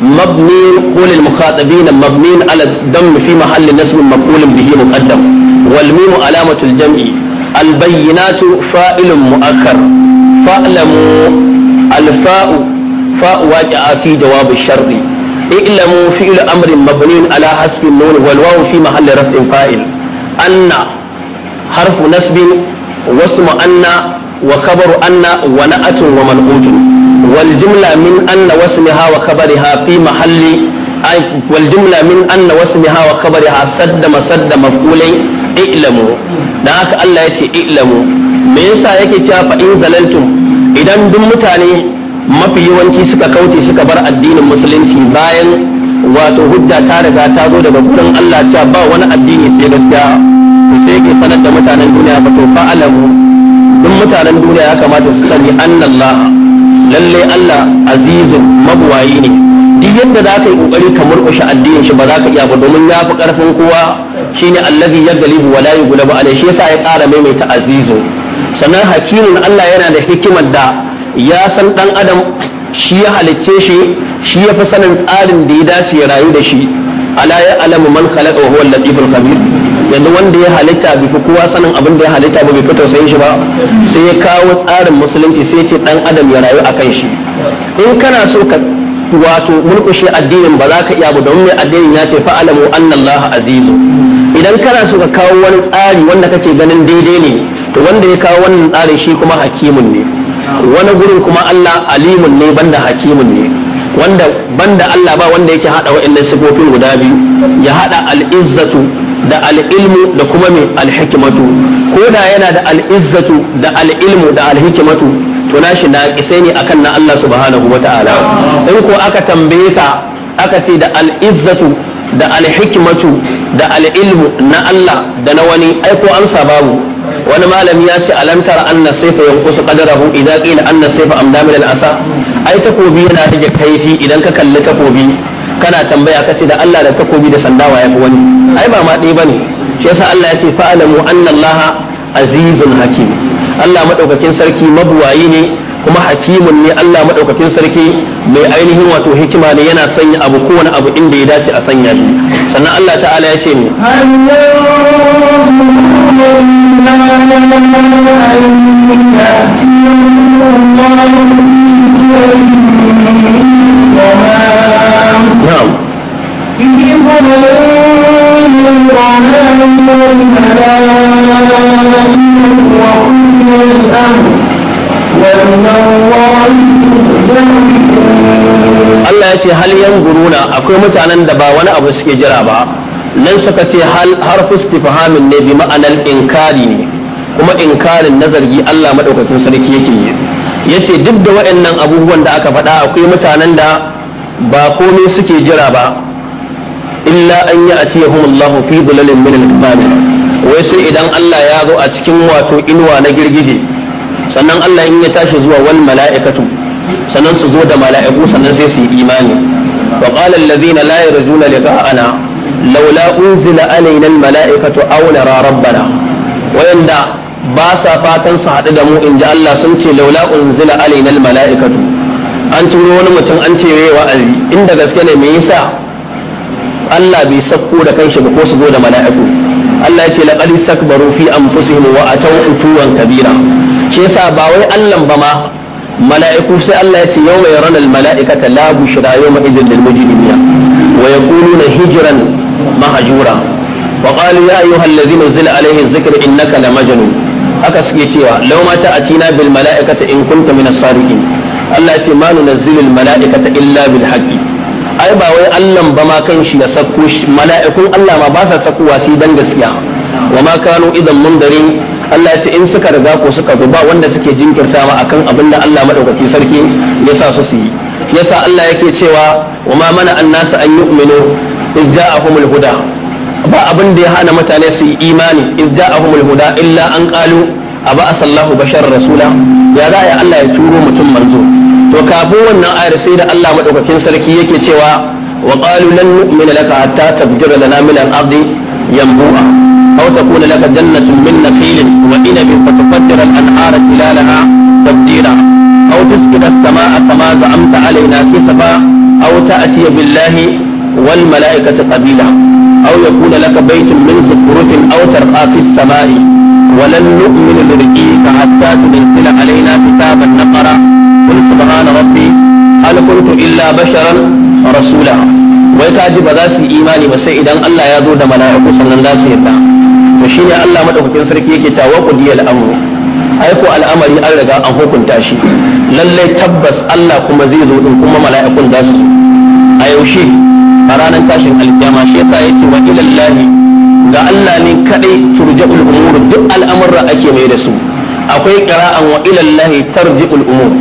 مبني قول المخاطبين مبني على الدم في محل نسب مفعول به مقدم والميم علامة الجمع البينات فائل مؤخر فاعلموا الفاء فاء واجعة في جواب الشرط ilmu fi'il amrin ala hasbi nun wal wawu fi mahalli rafin fa'il anna harfu nasbin wasu anna wa kabaru anna wa na'atun wa mal'utun wal jumla min anna wasmiha wa kabariha fi mahalli wal min anna wasmiha wa kabariha saddama saddama kulai ilmu dan haka Allah ya yace ilmu me yasa yake cewa fa in zalaltum idan duk mutane mafi yawanci suka kauce suka bar addinin musulunci bayan wato hujja ta riga ta zo daga gurin Allah cewa ba wani addini sai gaskiya to sai ke sanar da mutanen duniya ba to fa alamu duk mutanen duniya ya kamata su sani annallah lalle Allah azizun mabuwayi ne duk yadda za ka yi kokari ka murkushe addinin shi ba za ka iya ba domin ya fi karfin kowa shine allazi ya galibu wa la yughlabu alai shi yasa ya ƙara maimaita azizun sannan hakimin Allah yana da hikimar da ya san dan adam shi ya halicce shi shi ya fi sanin tsarin da ya dace ya rayu da shi ala ya alamu man khalaqa wa huwa al-latiful khabir yanzu wanda ya halitta bai fi kowa sanin abin da ya halitta ba bai fito sai shi ba sai ya kawo tsarin musulunci sai ce dan adam ya rayu akan shi in kana so ka wato shi addinin ba za ka iya ba don mai addinin ya ce Alamu annallaha azizu idan kana so ka kawo wani tsari wanda kake ganin daidai ne to wanda ya kawo wannan tsarin shi kuma hakimun ne wani gurin kuma Allah alimun ne banda hakimun ne wanda banda Allah ba wanda yake hada wa'annan sifofin guda biyu ya hada al'izzatu da al'ilmu da kuma mai alhikimatu ko da yana da al'izzatu da al'ilmu da alhikimatu to nashi na kisai ne akan na Allah subhanahu wa ta'ala in ko aka tambaye ka aka ce da al'izzatu da alhikimatu da al'ilmu na Allah da na wani aiko amsa babu wani malami ya ce alamtar anna saifa Kadara qadrahu idza qila anna saifa amdamil al-asa ai takobi yana rage kaifi idan ka kalli takobi kana tambaya kace da Allah da takobi da sandawa yafi wani ai ba ma ɗaya bane shi yasa Allah ya ce fa'alamu anna azizun hakim Allah madaukakin sarki mabuwayi ne kuma hakimun ne Allah madaukakin sarki mai ainihin wato hikima ne yana sanya abu kowane abu inda ya dace a sanya shi sannan Allah ta'ala ya ce ne نعم Allah ya ce hal guruna akwai mutanen da ba wani abu suke jira ba nan suka ce hal istifhamin ne bi ma'anar inkari ne kuma inkarin na zargi Allah madaukakin sarki yake yi yace duk da waɗannan abubuwan da aka faɗa akwai mutanen da ba komai suke jira ba illa an yi a Allah fi dulalin min al wai sai idan Allah ya zo a cikin wato inuwa na girgije sannan Allah in ya tashi zuwa wal mala'ikatu sannan su zo da mala'iku sannan sai su yi imani wa qala allazina la yarjuna liqa'ana laula unzila alaina al mala'ikatu aw nara rabbana wayanda ba sa fatan su haɗu da mu in ji Allah sun ce laula unzila alaina al mala'ikatu an turo wani mutum an ce yayi wa'azi inda gaske ne me yasa Allah bai sakko da kanshi ba ko su zo da mala'iku Allah ya ce laqad istakbaru fi anfusihim wa ataw utuwan kabira shi yasa ba wai Allah ba ma mala'iku sai Allah ya ce yawma yarana al-mala'ikata la bushra yawma idin lil mujrimina wa yaquluna hijran mahjura wa qalu ya ayyuha alladhi nuzila alayhi adh-dhikru innaka lamajnun haka suke cewa law ma ta'atina bil mala'ikata in kunta min as-sadiqin Allah ya ce ma nunazzilul mala'ikata illa bil haqqi ai ba wai Allah ba ma kan shi ya sako mala'ikun Allah ma ba sa sakuwa sai dan gaskiya wa ma kanu idan mundarin Allah ya ce in suka riga ko suka zo ba wanda suke jinkirta ma akan abin da Allah madaukaki sarki ya sa su yi yasa Allah yake cewa wa ma mana annasu an yu'minu iz ja'ahumul huda ba abin da ya hana mutane su yi imani iz ja'ahumul huda illa an qalu aba sallahu bashar rasula ya za ya Allah ya turo mutum manzo to kafin wannan ayar sai da Allah madaukakin sarki yake cewa wa qalu lan nu'mina laka hatta tabjira lana min al-ardi yanbu'a أو تكون لك جنة من نخيل وإنب فتفجر الأنهار خلالها تفجيرا أو تسكن السماء كما زعمت علينا كسفا أو تأتي بالله والملائكة قبيلا أو يكون لك بيت من زخرف أو ترقى في السماء ولن نؤمن لرقيك حتى تنزل علينا كتابا نقرأ قل سبحان ربي هل كنت إلا بشرا رسولا ويتعجب ذاتي إيماني وسيدا ألا يذود ملائكة صلى الله عليه وسلم to ne Allah madaukakin sarki yake ta wa qudiyal al'amu ai ko al'amari an riga an hukunta shi lallai tabbas Allah kuma zai zo din kuma mala'ikun za su a yaushe a ranar tashin alkiyama shi yasa yake wa ilallahi ga Allah ne kadai turja'ul umur duk al'amurra ake mai da su akwai qira'an wa ilallahi tarji'ul umur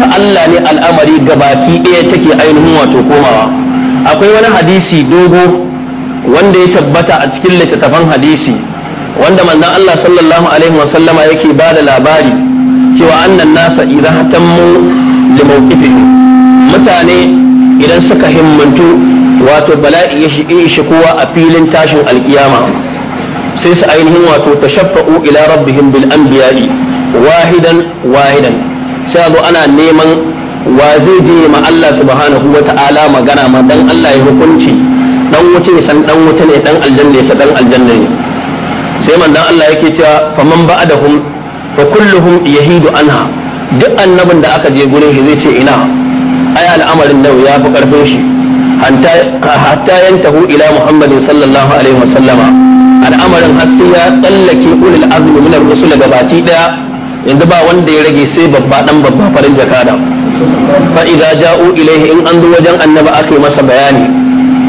da Allah ne al'amari gabaki ɗaya take ainihin wato komawa akwai wani hadisi dogo wanda ya tabbata a cikin littattafan hadisi wanda manzon Allah sallallahu alaihi wa sallama yake ba da labari cewa annan nasa idan hatammu li mawqifihim mutane idan suka himmantu wato bala'i ya shige shi kowa a filin tashin alkiyama sai su ainihin wato tashaffa'u ila rabbihim bil anbiya'i wahidan wahidan sai zo ana neman wa zai je ma Allah subhanahu wa ta'ala magana ma dan Allah ya hukunci dan wuce ne san dan wuce ne dan aljanna dan aljanna ne sai manzon Allah yake cewa faman ba'dahum fa kulluhum yahidu anha duk annabin da aka je gurin shi zai ce ina ai al'amarin da ya fi karfin shi hatta yantahu ila muhammadin sallallahu alaihi wasallama al'amarin har sai ya tsallake ulul azmi min ar-rusul gabati daya yanzu ba wanda ya rage sai babba dan babba farin jakada fa idza ja'u ilayhi in an zo wajen annabi aka yi masa bayani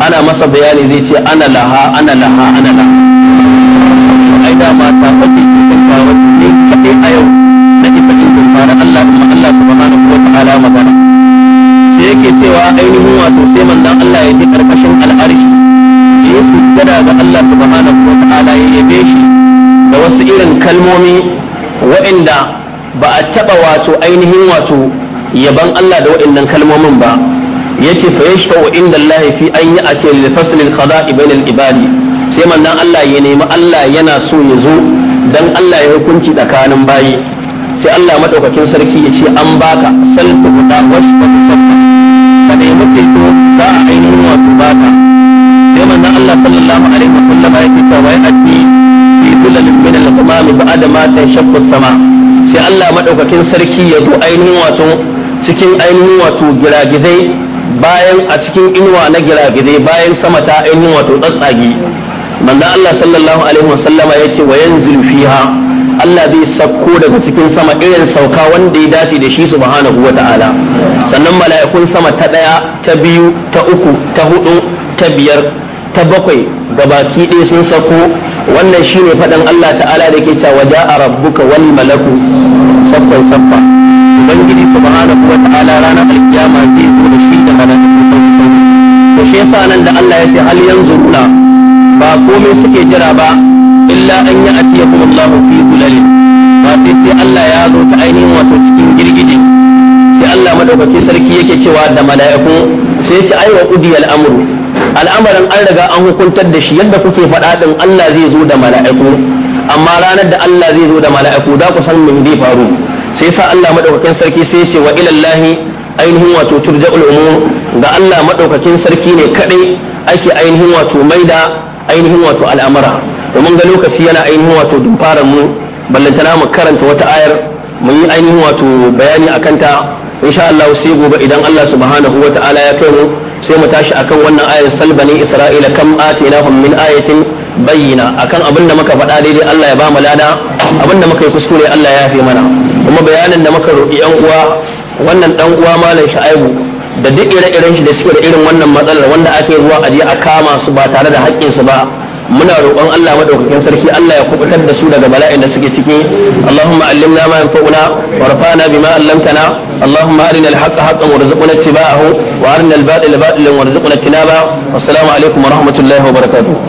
ana masa bayani zai ce ana laha ana laha ana laha ai dama ta fake cikin fara ne kaɗai a yau na isa in fara Allah kuma Allah subhanahu wa ta'ala magana sai yake cewa ainihin wato sai manzon Allah ya je karkashin al'arshi ya sujjada ga Allah subhanahu wa ta'ala ya yabe shi da wasu irin kalmomi waɗanda ba a taba wato ainihin wato yaban Allah da waɗannan kalmomin ba yace fa yashfa'u inda Allah fi an ya'ti lil fasl al qada'i bainal ibadi sai manzon Allah ya nemi Allah yana so ya zo dan Allah ya hukunci tsakanin bayi sai Allah madaukakin sarki ya ce an baka salfu guda wasu ka nemi ceto za a ainihin wasu baka sai manzon Allah sallallahu alaihi wasallam ya ce wa ya ati fi kullal min al ba ba'da ma tanshaqqa as-sama sai Allah madaukakin sarki ya zo ainihin wato cikin ainihin wato giragizai bayan a cikin inuwa na giragizai bayan sama ta ainihin wato tsatsagi manzo Allah sallallahu alaihi wasallama yake wa yanzilu fiha Allah zai sauko daga cikin sama irin sauka wanda ya dace da shi subhanahu wata'ala sannan mala'ikun sama ta daya ta biyu ta uku ta hudu ta biyar ta bakwai baki ɗaya sun sako wannan shine faɗan Allah ta'ala da ke cewa ja'a rabbuka wal malaku saffan saffa ubangiji subhanahu wata'ala ranar alkiyama zai zo da shi da mala'ikun sauki sauki to shi yasa nan da Allah ya ce hal yanzu ba komai suke jira ba illa an yi atiya kuma Allah fi zulalin ba sai sai Allah ya zo ta ainihin wato cikin girgije sai Allah madaukaki sarki yake cewa da mala'iku sai ta wa udi al'amuru al'amarin an riga an hukuntar da shi yadda kuke faɗa din Allah zai zo da mala'iku amma ranar da Allah zai zo da mala'iku za ku san min zai faru sai sa Allah madaukakin sarki sai ce wa ilallahi ainihin wato turja'ul umur ga Allah madaukakin sarki ne kadai ake ainihin wato maida ainihin wato al'amura domin ga lokaci yana ainihin wato dumfarar mu ballantana mu karanta wata ayar mu yi ainihin wato bayani akan ta insha Allah sai gobe idan Allah subhanahu wata'ala ya kai mu sai mu tashi akan wannan ayar salbani isra'ila kam atinahum min ayatin bayyina akan abin da muka faɗa daidai Allah ya ba mu lada abin da muka yi kuskure Allah ya yafe mana kuma bayanin da muka roƙi yan uwa wannan dan uwa malam Shu'aibu da duk ire-iren shi da suke da irin wannan matsalar wanda ake zuwa ruwa a je a kama su ba tare da haƙƙinsu ba muna roƙon Allah madaukakin sarki Allah ya kubutar da su daga bala'in da suke ciki Allahumma allimna ma yanfa'una warfa'na bima allamtana Allahumma arina al-haqqa haqqan warzuqna ittibaa'ahu wa arina al-batila batilan warzuqna ijtinaba assalamu alaikum wa rahmatullahi wa barakatuh